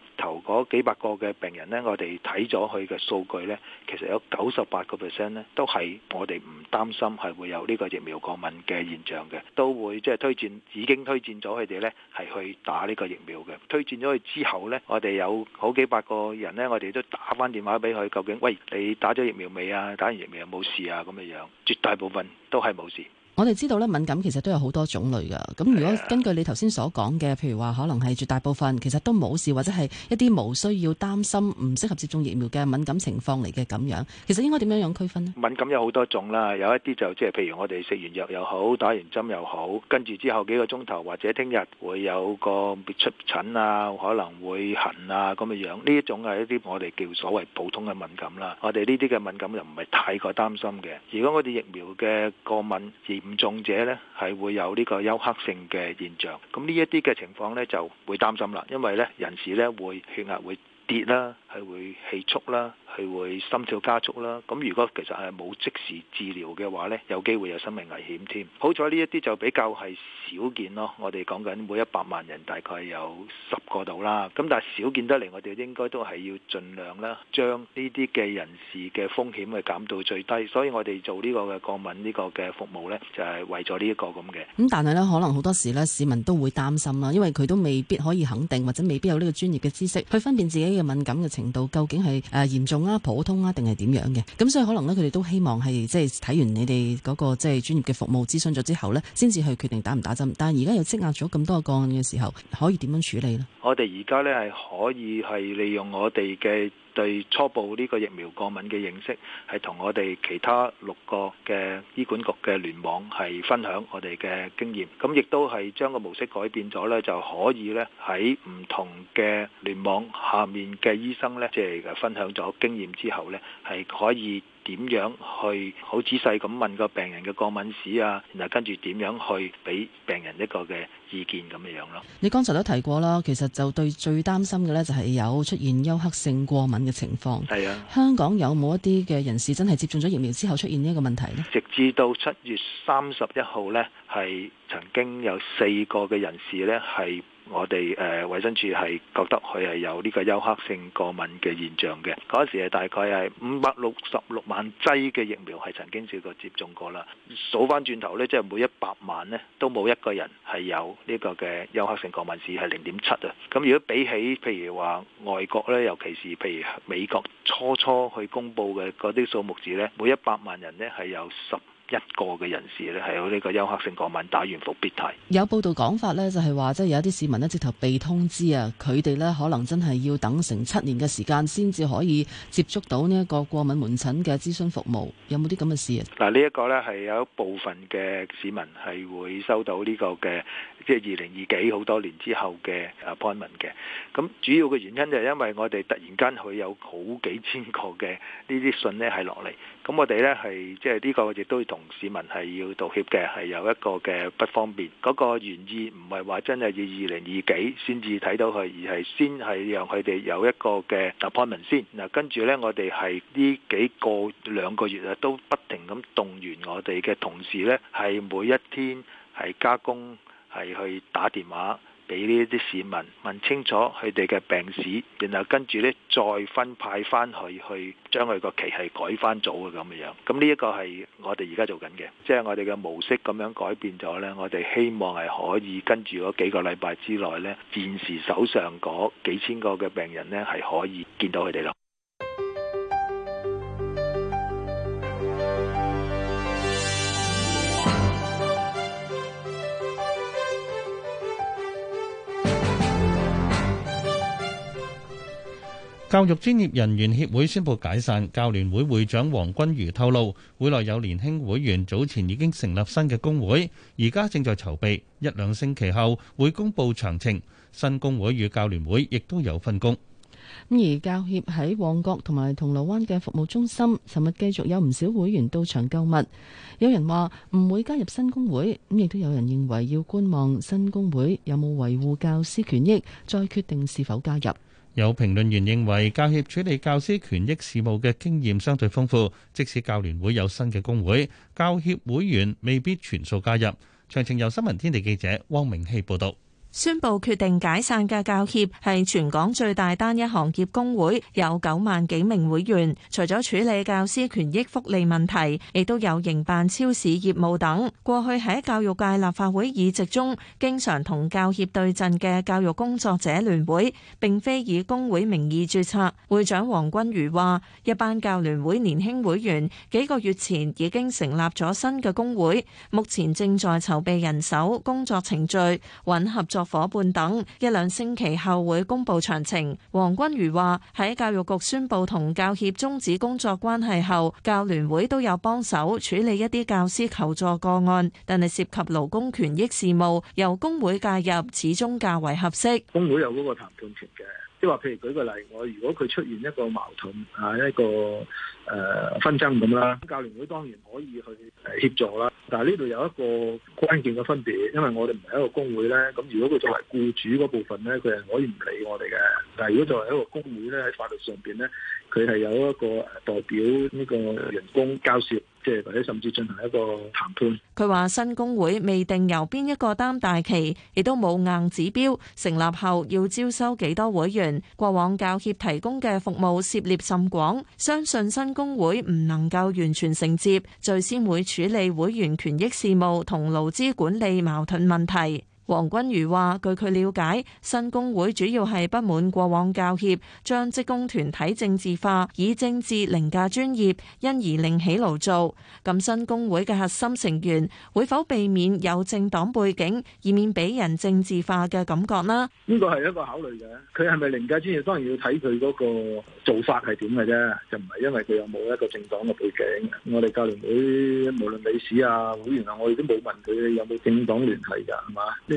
Speaker 10: 頭嗰幾百個嘅病人呢，我哋睇咗佢嘅數據呢，其實有九十八個 percent 呢，都係我哋唔擔心係會有呢個疫苗過敏嘅現象嘅，都會即係推薦，已經推薦咗佢哋呢係去打呢個疫苗嘅。推薦咗佢之後呢，我哋有好幾百個人呢，我哋都打翻電話俾佢，究竟，喂，你打咗疫苗未啊？打完疫苗有冇事啊？咁嘅樣，絕大部分都係冇事。
Speaker 3: 我哋知道咧，敏感其實都有好多種類噶。咁如果根據你頭先所講嘅，譬如話可能係絕大部分，其實都冇事或者係一啲冇需要擔心、唔適合接種疫苗嘅敏感情況嚟嘅咁樣。其實應該點樣樣區分
Speaker 10: 咧？敏感有好多種啦，有一啲就即係譬如我哋食完藥又好，打完針又好，跟住之後幾個鐘頭或者聽日會有個出疹啊，可能會痕啊咁嘅樣。呢一種係一啲我哋叫所謂普通嘅敏感啦。我哋呢啲嘅敏感又唔係太過擔心嘅。如果我哋疫苗嘅過敏唔，重者呢係會有呢個休克性嘅現象，咁呢一啲嘅情況呢，就會擔心啦，因為呢人士呢會血壓會跌啦。係會氣促啦，係會心跳加速啦。咁如果其實係冇即時治療嘅話呢，有機會有生命危險添。好彩呢一啲就比較係少見咯。我哋講緊每一百萬人大概有十個度啦。咁但係少見得嚟，我哋應該都係要盡量啦，將呢啲嘅人士嘅風險去減到最低。所以我哋做呢個嘅過敏呢個嘅服務呢，就係為咗呢一個咁嘅。
Speaker 3: 咁但係呢，可能好多時呢，市民都會擔心啦，因為佢都未必可以肯定，或者未必有呢個專業嘅知識去分辨自己嘅敏感嘅情況。程度究竟係誒嚴重啊，普通啊，定係點樣嘅？咁所以可能咧，佢哋都希望係即係睇完你哋嗰個即係專業嘅服務諮詢咗之後咧，先至去決定打唔打針。但係而家又積壓咗咁多個案嘅時候，可以點樣處理呢？
Speaker 10: 我哋而家咧，係可以係利用我哋嘅。對初步呢個疫苗過敏嘅認識，係同我哋其他六個嘅醫管局嘅聯網係分享我哋嘅經驗，咁亦都係將個模式改變咗呢，就可以呢喺唔同嘅聯網下面嘅醫生呢，即係分享咗經驗之後呢，係可以，點樣去好仔細咁問個病人嘅過敏史啊，然後跟住點樣去俾病人一個嘅意見咁嘅樣咯。
Speaker 3: 你剛才都提過啦，其實就對最擔心嘅呢，就係有出現休克性過敏嘅情況。係啊，香港有冇一啲嘅人士真係接種咗疫苗之後出現呢個問題咧？
Speaker 10: 直至到七月三十一號呢，係曾經有四個嘅人士呢係。我哋誒衞生署係覺得佢係有呢個休克性過敏嘅現象嘅，嗰時係大概係五百六十六萬劑嘅疫苗係曾經試過接種過啦。數翻轉頭呢，即係每一百萬呢都冇一個人係有呢個嘅休克性過敏史，係零點七啊。咁如果比起譬如話外國呢，尤其是譬如美國初初去公佈嘅嗰啲數目字呢，每一百萬人呢係有十。一個嘅人士咧，係有呢個休克性過敏，打完復必泰。
Speaker 3: 有報道講法呢，就係話即係有一啲市民呢，直頭被通知啊，佢哋呢可能真係要等成七年嘅時間，先至可以接觸到呢一個過敏門診嘅諮詢服務。有冇啲咁嘅事啊？
Speaker 10: 嗱，呢一個呢係有一部分嘅市民係會收到呢個嘅。即係二零二幾好多年之後嘅 appointment 嘅。咁主要嘅原因就係因為我哋突然間佢有好幾千個嘅呢啲信呢係落嚟，咁我哋呢係即係呢個亦都同市民係要道歉嘅，係有一個嘅不方便。嗰、嗰個原意唔係話真係要二零二幾先至睇到佢，而係先係讓佢哋有一個嘅 appointment 先，嗱，跟住呢，我哋係呢幾個兩個月啊都不停咁動員我哋嘅同事呢，係每一天係加工。係去打電話俾呢啲市民問清楚佢哋嘅病史，然後跟住呢，再分派翻去去將佢個期係改翻早嘅咁嘅樣。咁呢一個係我哋而家做緊嘅，即係我哋嘅模式咁樣改變咗呢。我哋希望係可以跟住嗰幾個禮拜之內呢，現時手上嗰幾千個嘅病人呢，係可以見到佢哋咯。
Speaker 4: 教育專業人員協會宣布解散，教聯會會長黃均瑜透露，會內有年輕會員早前已經成立新嘅工會，而家正在籌備，一兩星期後會公布詳情。新工會與教聯會亦都有分工。
Speaker 3: 咁而教協喺旺角同埋銅鑼灣嘅服務中心，尋日繼續有唔少會員到場購物。有人話唔會加入新工會，咁亦都有人認為要觀望新工會有冇維護教師權益，再決定是否加入。
Speaker 4: 有評論員認為，教協處理教師權益事務嘅經驗相對豐富，即使教聯會有新嘅工會，教協會員未必全數加入。詳情由新聞天地記者汪明熙報道。
Speaker 19: 宣布決定解散嘅教協係全港最大單一行業工會，有九萬幾名會員，除咗處理教師權益福利問題，亦都有營辦超市業務等。過去喺教育界立法會議席中，經常同教協對陣嘅教育工作者聯會，並非以工會名義註冊。會長黃君如話：一班教聯會年輕會員，幾個月前已經成立咗新嘅工會，目前正在籌備人手、工作程序、揾合作。伙伴，等一兩星期後會公布詳情。黃君如話喺教育局宣布同教協終止工作關係後，教聯會都有幫手處理一啲教師求助個案，但係涉及勞工權益事務，由工會介入始終較為合適。工
Speaker 10: 會有嗰個談判權嘅，即係話，譬如舉個例，我如果佢出現一個矛盾啊，一個。誒紛、 呃、爭咁啦，教聯會當然可以去協助啦。但係呢度有一個關鍵嘅分別，因為我哋唔係一個工會咧，咁如果佢作為僱主嗰部分咧，佢係可以唔理我哋嘅。但係如果作為一個工會咧，喺法律上邊咧，佢係有一個代表呢個員工交涉。即係或者甚至進行一個談
Speaker 19: 判。佢話新工會未定由邊一個擔大旗，亦都冇硬指標。成立後要招收幾多會員。過往教協提供嘅服務涉獵甚廣，相信新工會唔能夠完全承接，最先會處理會員權益事務同勞資管理矛盾問題。黃君如話，據佢了解，新工會主要係不滿過往教協將職工團體政治化，以政治凌駕專業，因而另起爐灶。咁新工會嘅核心成員會否避免有政黨背景，以免俾人政治化嘅感覺呢？
Speaker 10: 呢個係一個考慮嘅，佢係咪凌駕專業，當然要睇佢嗰個做法係點嘅啫，就唔係因為佢有冇一個政黨嘅背景。我哋教聯會無論理事啊、會員啊，我哋都冇問佢有冇政黨聯繫噶，係嘛？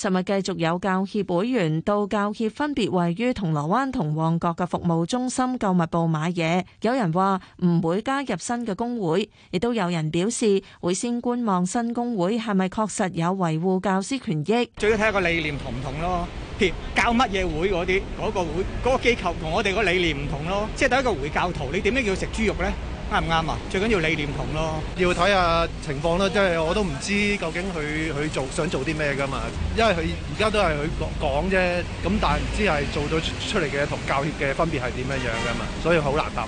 Speaker 19: 尋日繼續有教協會員到教協分別位於銅鑼灣同旺角嘅服務中心購物部買嘢，有人話唔會加入新嘅工會，亦都有人表示會先觀望新工會係咪確實有維護教師權益。
Speaker 13: 最要睇下個理念同唔同咯，協教乜嘢會嗰啲嗰個會嗰、嗰個機構同我哋個理念唔同咯，即、就、係、是、第一個回教徒，你點解要食豬肉呢？啱唔啱啊？最緊要理念同咯，
Speaker 1: 要睇下情況啦。即係我都唔知究竟佢去做想做啲咩噶嘛，因為佢而家都係佢講啫。咁但係唔知係做咗出嚟嘅同教協嘅分別係點樣樣噶嘛，所以好難答。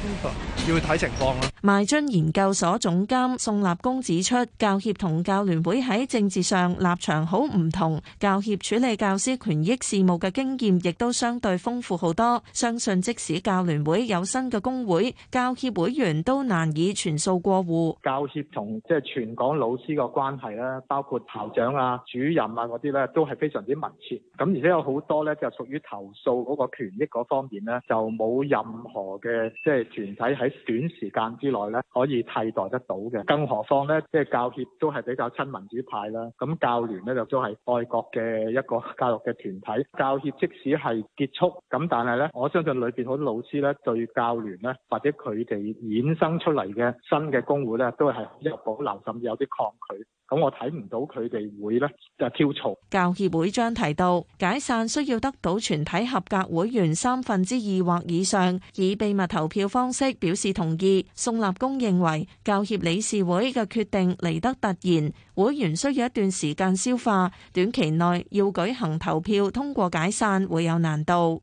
Speaker 1: 要睇情況咯，
Speaker 19: 邁進研究所總監宋立功指出，教協同教聯會喺政治上立場好唔同，教協處理教師權益事務嘅經驗亦都相對豐富好多。相信即使教聯會有新嘅工會，教協會員都
Speaker 5: 難以全數過戶。教協同即係全港老師個關係咧，包括校長啊、主任啊嗰啲咧，都係非常之密切。咁而且有好多咧，就屬於投訴嗰個權益嗰方面咧，就冇任何嘅即係團體喺短時間之內咧，可以替代得到嘅。更何況咧，即係教協都係比較親民主派啦。咁教聯咧就都係愛國嘅一個教育嘅團體。教協即使係結束，咁但係咧，我相信裏邊好多老師咧，對教聯咧或者佢哋衍生。出嚟嘅新嘅工會咧，都係有保留，甚至有啲抗拒。咁我睇唔到佢哋
Speaker 10: 會咧就跳槽。
Speaker 19: 教協會章提到解散需要得到全體合格會員三分之二或以上以秘密投票方式表示同意。宋立功認為教協理事會嘅決定嚟得突然，會員需要一段時間消化，短期內要舉行投票通過解散會有難度。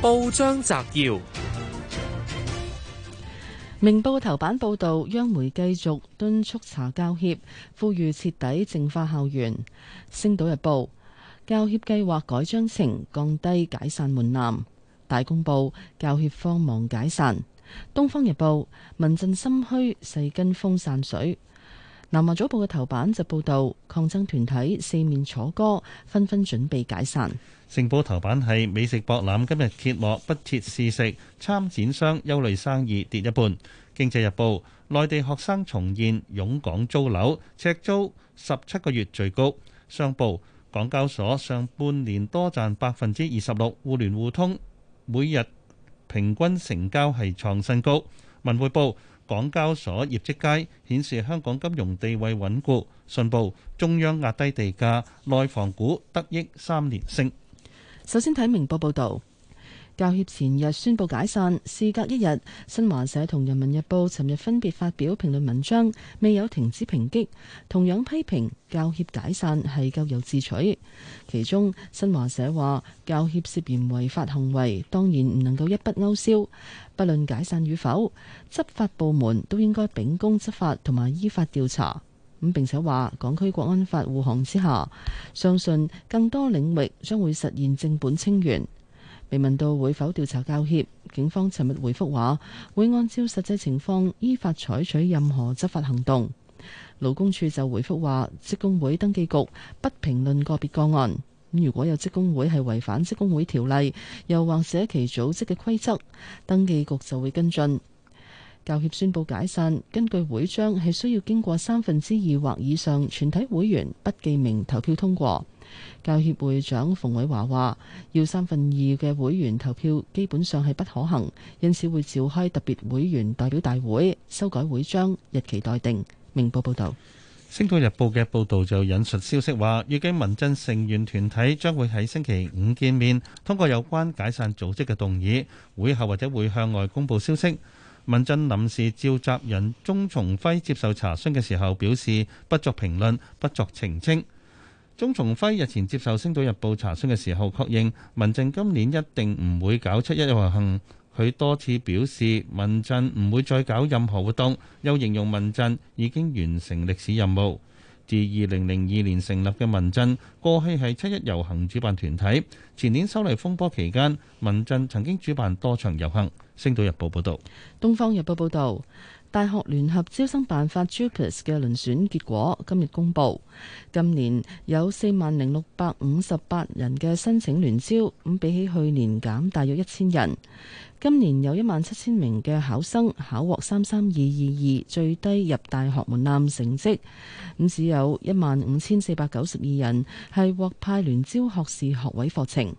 Speaker 3: 報章摘要：明報頭版報道，央媒繼續敦促查教協，呼籲徹底淨化校園。星島日報：教協計劃改章程，降低解散門檻。大公報：教協慌忙解散。東方日報：民陣心虛，細跟風散水。南華早報嘅頭版就報道，抗爭團體四面楚歌，紛紛準備解散。成報
Speaker 4: 頭版係美食博覽今日揭幕不設試食，參展商憂慮生意跌一半。經濟日報：內地學生重現湧港租樓，呎租十七個月最高。商報：港交所上半年多賺百分之二十六，互聯互通每日平均成交係創新高。文匯報。港交所業績佳，顯示香港金融地位穩固。信報中央壓低地價，內房股得益三連升。
Speaker 3: 首先睇明報報導。教協前日宣布解散，事隔一日，新華社同人民日報尋日分別發表評論文章，未有停止抨擊，同樣批評教協解散係咎由自取。其中，新華社話：教協涉嫌違法行為，當然唔能夠一筆勾銷，不論解散與否，執法部門都應該秉公執法同埋依法調查。咁並且話，港區國安法護航之下，相信更多領域將會實現正本清源。被問到會否調查教協，警方尋日回覆話會按照實際情況依法採取任何執法行動。勞工處就回覆話，職工會登記局不評論個別個案。咁如果有職工會係違反職工會條例，又或者其組織嘅規則，登記局就會跟進。教協宣布解散，根據會章係需要經過三分之二或以上全體會員不記名投票通過。教協會長馮偉華話：要三分二嘅會員投票，基本上係不可行，因此會召開特別會員代表大會修改會章，日期待定。明報報道，
Speaker 4: 《星島日報》嘅報道就引述消息話，預計民陣成員團體將會喺星期五見面，通過有關解散組織嘅動議。會後或者會向外公布消息。民陣臨時召集人鍾松輝接受查詢嘅時候表示：不作評論，不作澄清。鍾松輝日前接受《星島日報》查詢嘅時候，確認民陣今年一定唔會搞七一遊行。佢多次表示，民陣唔會再搞任何活動，又形容民陣已經完成歷史任務。自二零零二年成立嘅民陣，過去係七一遊行主辦團體。前年修例風波期間，民陣曾經主辦多場遊行。《星島日報》報道，
Speaker 3: 《東方日報》報道。大學聯合招生辦法 （JUPAS） 嘅輪選結果今日公布。今年有四萬零六百五十八人嘅申請聯招，咁比起去年減大約一千人。今年有一萬七千名嘅考生考獲三三二二二最低入大學門檻成績，咁只有一萬五千四百九十二人係獲派聯招學士學位課程。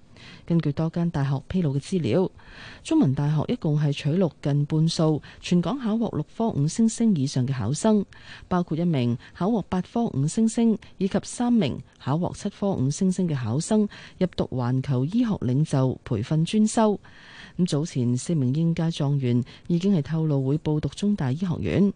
Speaker 3: 根據多間大學披露嘅資料，中文大學一共係取錄近半數全港考獲六科五星星以上嘅考生，包括一名考獲八科五星星以及三名考獲七科五星星嘅考生入讀環球醫學領袖培訓專修。咁早前四名應屆狀元已經係透露會報讀中大醫學院。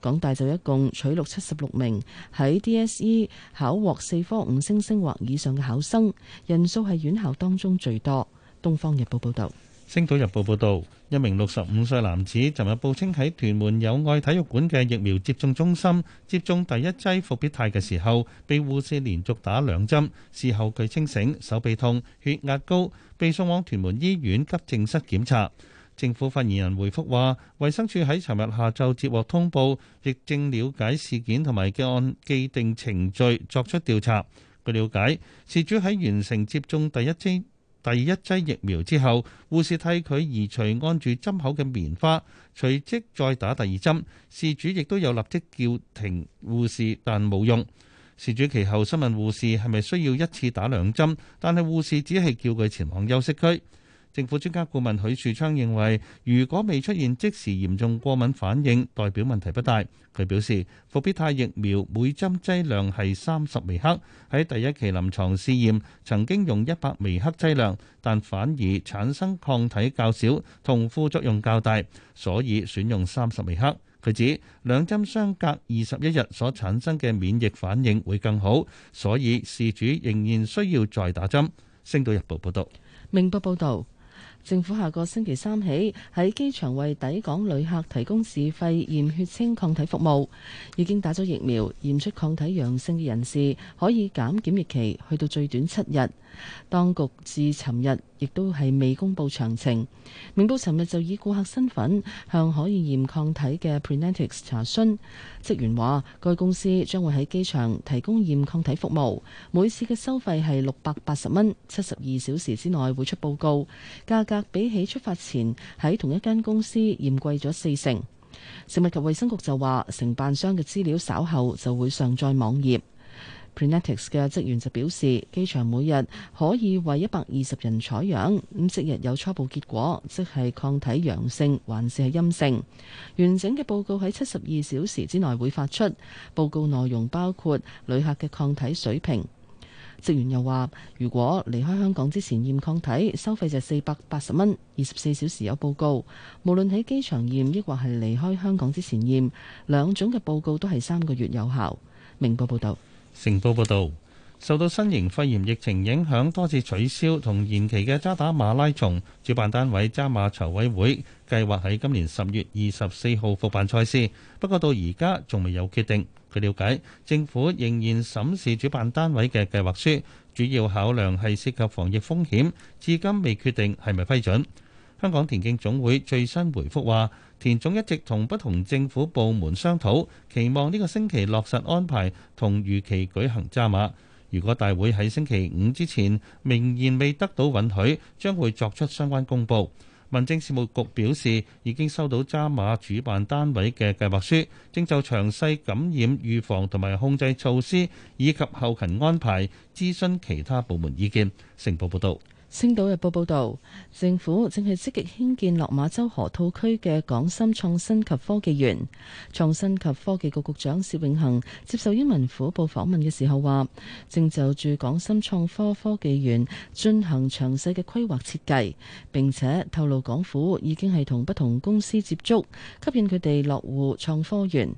Speaker 3: 港大就一共取錄七十六名喺 DSE 考獲四科五星星或以上嘅考生，人數係院校當中最。最多。《東方日報》報導，
Speaker 4: 《星島日報》報導，一名六十五歲男子尋日報稱喺屯門友愛體育館嘅疫苗接種中心接種第一劑復必泰嘅時候，被護士連續打兩針。事後佢清醒，手臂痛，血壓高，被送往屯門醫院急症室檢查。政府發言人回覆話，衞生署喺尋日下晝接獲通報，亦正了解事件同埋按既定程序作出調查。據了解，事主喺完成接種第一劑。第一劑疫苗之後，護士替佢移除按住針口嘅棉花，隨即再打第二針。事主亦都有立即叫停護士，但冇用。事主其後詢問護士係咪需要一次打兩針，但係護士只係叫佢前往休息區。政府專家顧問許樹昌認為，如果未出現即時嚴重過敏反應，代表問題不大。佢表示，復必泰疫苗每針劑量係三十微克。喺第一期臨床試驗曾經用一百微克劑量，但反而產生抗體較少同副作用較大，所以選用三十微克。佢指兩針相隔二十一日所產生嘅免疫反應會更好，所以事主仍然需要再打針。星島日報報導，
Speaker 3: 明報報導。政府下個星期三起喺機場為抵港旅客提供自費驗血清抗體服務。已經打咗疫苗，驗出抗體陽性嘅人士可以減檢疫期，去到最短七日。當局至尋日，亦都係未公布詳情。明報尋日就以顧客身份向可以驗抗體嘅 Prenetics 查詢，職員話：該公司將會喺機場提供驗抗體服務，每次嘅收費係六百八十蚊，七十二小時之內會出報告。價格比起出發前喺同一間公司驗貴咗四成。食物及衛生局就話，承辦商嘅資料稍後就會上載網頁。Prenetics 嘅職員就表示，機場每日可以為一百二十人採樣。咁即日有初步結果，即係抗體陽性還是係陰性。完整嘅報告喺七十二小時之內會發出。報告內容包括旅客嘅抗體水平。職員又話，如果離開香港之前驗抗體，收費就四百八十蚊，二十四小時有報告。無論喺機場驗抑或係離開香港之前驗，兩種嘅報告都係三個月有效。明報報道。
Speaker 4: 成都報道：受到新型肺炎疫情影響，多次取消同延期嘅渣打馬拉松，主辦單位渣馬籌委會計劃喺今年十月二十四號復辦賽事，不過到而家仲未有決定。據了解，政府仍然審視主辦單位嘅計劃書，主要考量係涉及防疫風險，至今未決定係咪批准。香港田徑總會最新回覆話。田總一直同不同政府部門商討，期望呢個星期落實安排同預期舉行渣馬。如果大會喺星期五之前仍然未得到允許，將會作出相關公佈。民政事務局表示，已經收到渣馬主辦單位嘅計劃書，正就詳細感染預防同埋控制措施以及後勤安排諮詢其他部門意見。成報報道。
Speaker 3: 星島日報報道，政府正係積極興建落馬洲河套區嘅港深創新及科技園。創新及科技局局長薛永恒接受英文虎報訪問嘅時候話，正就住港深創科科技園進行詳細嘅規劃設計，並且透露港府已經係同不同公司接觸，吸引佢哋落戶創科園。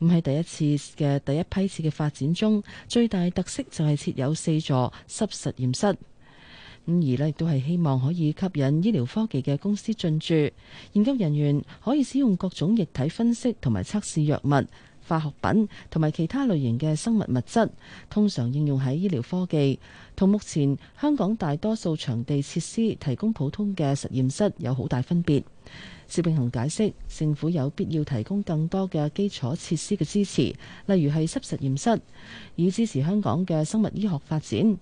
Speaker 3: 咁喺第一次嘅第一批次嘅發展中，最大特色就係設有四座濕實驗室。咁而呢亦都係希望可以吸引醫療科技嘅公司進駐，研究人員可以使用各種液體分析同埋測試藥物、化學品同埋其他類型嘅生物物質，通常應用喺醫療科技，同目前香港大多數場地設施提供普通嘅實驗室有好大分別。薛永恆解釋，政府有必要提供更多嘅基礎設施嘅支持，例如係濕實驗室，以支持香港嘅生物醫學發展。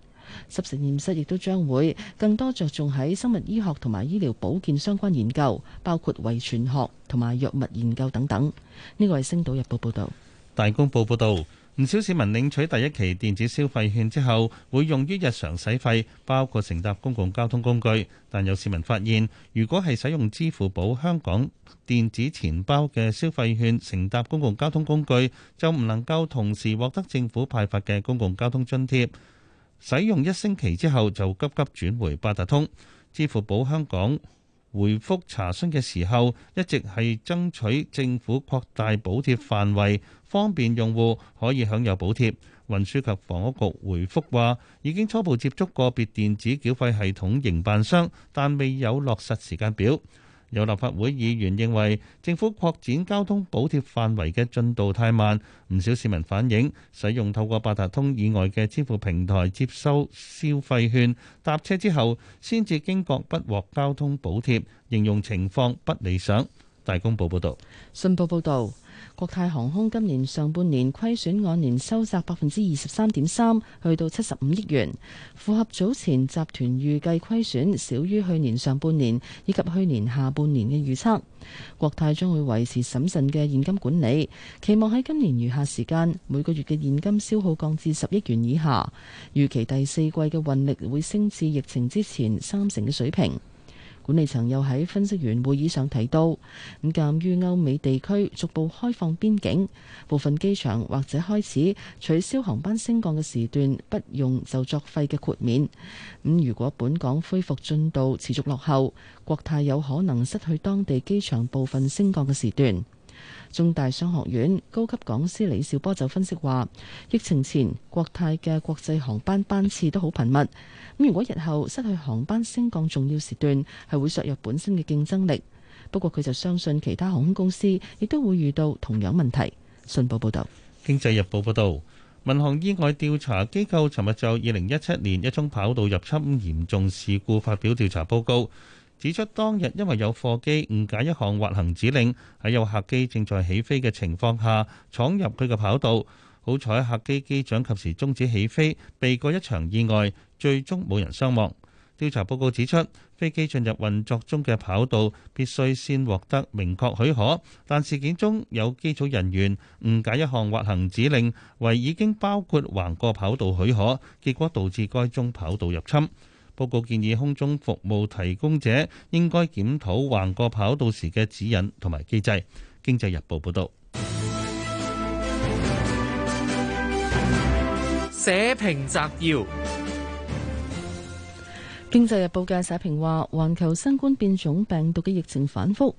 Speaker 3: 濕實驗室亦都將會更多着重喺生物醫學同埋醫療保健相關研究，包括遺傳學同埋藥物研究等等。呢個係《星島日報》報道。
Speaker 4: 大公報報道，唔少市民領取第一期電子消費券之後，會用於日常使費，包括乘搭公共交通工具。但有市民發現，如果係使用支付寶香港電子錢包嘅消費券乘搭公共交通工具，就唔能夠同時獲得政府派發嘅公共交通津貼。使用一星期之後就急急轉回八達通。支付寶香港回覆查詢嘅時候，一直係爭取政府擴大補貼範圍，方便用戶可以享有補貼。運輸及房屋局回覆話，已經初步接觸個別電子繳費系統營辦商，但未有落實時間表。有立法會議員認為政府擴展交通補貼範圍嘅進度太慢，唔少市民反映使用透過八達通以外嘅支付平台接收消費券搭車之後，先至驚覺不獲交通補貼，形容情況不理想。大公報報導，
Speaker 3: 信報報導。國泰航空今年上半年虧損按年收窄百分之二十三點三，去到七十五億元，符合早前集團預計虧損少於去年上半年以及去年下半年嘅預測。國泰將會維持審慎嘅現金管理，期望喺今年餘下時間每個月嘅現金消耗降至十億元以下。預期第四季嘅運力會升至疫情之前三成嘅水平。管理層又喺分析員會議上提到，咁鑒於歐美地區逐步開放邊境，部分機場或者開始取消航班升降嘅時段，不用就作廢嘅豁免。咁、嗯、如果本港恢復進度持續落後，國泰有可能失去當地機場部分升降嘅時段。中大商學院高級講師李兆波就分析話：疫情前國泰嘅國際航班班班次都好頻密，咁如果日後失去航班升降重要時段，係會削弱本身嘅競爭力。不過佢就相信其他航空公司亦都會遇到同樣問題。信報報道，
Speaker 4: 《經濟日報》報道，民航意外調查機構尋日就二零一七年一宗跑道入侵嚴重事故發表調查報告。指出，當日因為有貨機誤解一項滑行指令，喺有客機正在起飛嘅情況下，闖入佢嘅跑道。好彩客機機長及時終止起飛，避過一場意外，最終冇人傷亡。調查報告指出，飛機進入運作中嘅跑道，必須先獲得明確許可。但事件中有機組人員誤解一項滑行指令為已經包括橫過跑道許可，結果導致該宗跑道入侵。報告建議空中服務提供者應該檢討橫過跑道時嘅指引同埋機制。經濟日報報導，
Speaker 12: 社評摘要。
Speaker 3: 經濟日報嘅社評話：環球新冠變種病毒嘅疫情反覆，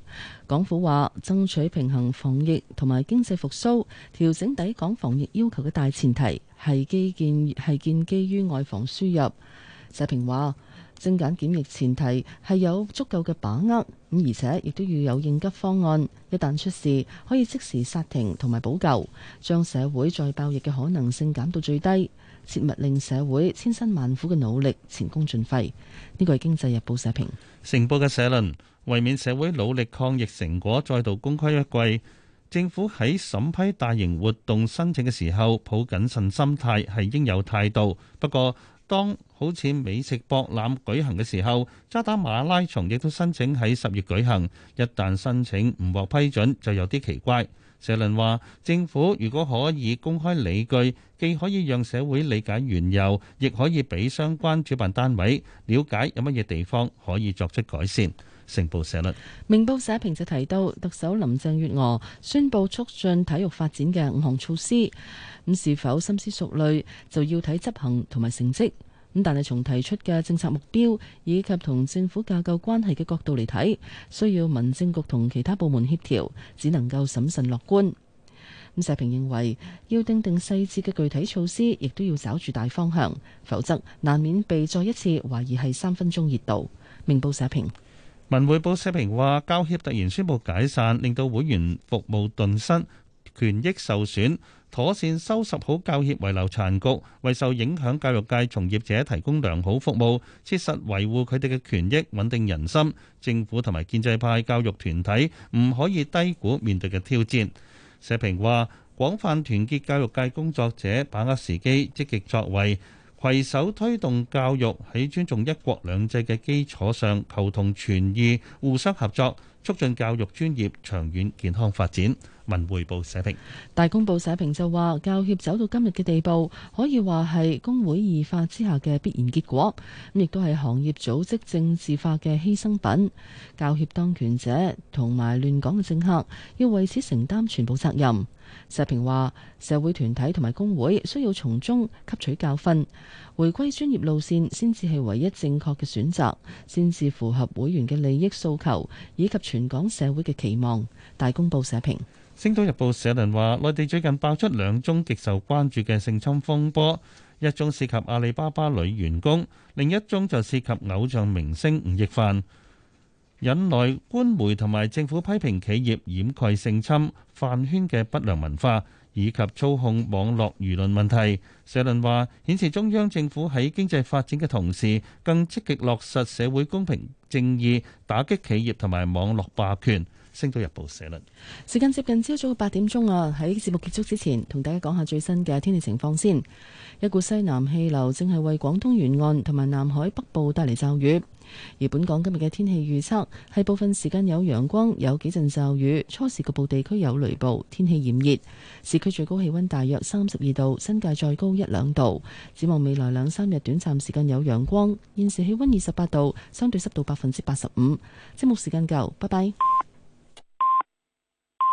Speaker 3: 港府話爭取平衡防疫同埋經濟復甦，調整抵港防疫要求嘅大前提係基建係建基於外防輸入。社評話：精簡檢疫前提係有足夠嘅把握，咁而且亦都要有應急方案，一旦出事可以即時剎停同埋補救，將社會再爆疫嘅可能性減到最低，切勿令社會千辛萬苦嘅努力前功盡廢。呢個係《經濟日報》社評。
Speaker 4: 成報嘅社論：為免社會努力抗疫成果再度功虧一簣，政府喺審批大型活動申請嘅時候抱謹慎心態係應有態度，不過，當好似美食博覽舉行嘅時候，渣打馬拉松亦都申請喺十月舉行。一旦申請唔獲批准，就有啲奇怪。社論話，政府如果可以公開理據，既可以讓社會理解原由，亦可以俾相關主辦單位了解有乜嘢地方可以作出改善。《明報社論》
Speaker 3: 明報社評就提到，特首林鄭月娥宣布促進體育發展嘅五項措施，咁是否深思熟慮，就要睇執行同埋成績。咁但係從提出嘅政策目標以及同政府架構關係嘅角度嚟睇，需要民政局同其他部門協調，只能夠審慎樂觀。咁社評認為，要訂定細緻嘅具體措施，亦都要找住大方向，否則難免被再一次懷疑係三分鐘熱度。《明報社評》
Speaker 4: 文匯報社評話：教協突然宣布解散，令到會員服務頓失，權益受損。妥善收拾好教協遺留殘局，為受影響教育界從業者提供良好服務，切實維護佢哋嘅權益，穩定人心。政府同埋建制派教育團體唔可以低估面對嘅挑戰。社評話：廣泛團結教育界工作者，把握時機，積極作為。携手推動教育喺尊重一國兩制嘅基礎上，求同存異，互相合作，促進教育專業長遠健康發展。文匯報社評。
Speaker 3: 大公報社評就話，教協走到今日嘅地步，可以話係工會異化之下嘅必然結果，亦都係行業組織政治化嘅犧牲品。教協當權者同埋亂港嘅政客要為此承擔全部責任。社評話：社會團體同埋工會需要從中吸取教訓，回歸專業路線，先至係唯一正確嘅選擇，先至符合會員嘅利益訴求以及全港社會嘅期望。大公報社評，
Speaker 4: 《星島日報》社論話：內地最近爆出兩宗極受關注嘅性侵風波，一宗涉及阿里巴巴女員工，另一宗就涉及偶像明星吳亦凡。引來官媒同埋政府批評企業掩蓋性侵、飯圈嘅不良文化以及操控網絡輿論問題。社論話顯示中央政府喺經濟發展嘅同時，更積極落實社會公平正義，打擊企業同埋網絡霸權。星島日報社論。
Speaker 3: 時間接近朝早八點鐘啊，喺節目結束之前，同大家講下最新嘅天氣情況先。一股西南氣流正係為廣東沿岸同埋南海北部帶嚟驟雨。而本港今日嘅天氣預測係部分時間有陽光，有幾陣驟雨，初時局部地區有雷暴，天氣炎熱。市區最高氣溫大約三十二度，新界再高一兩度。展望未來兩三日短暫時間有陽光。現時氣溫二十八度，相
Speaker 10: 對濕度百分之八十五。節目時間夠，拜拜。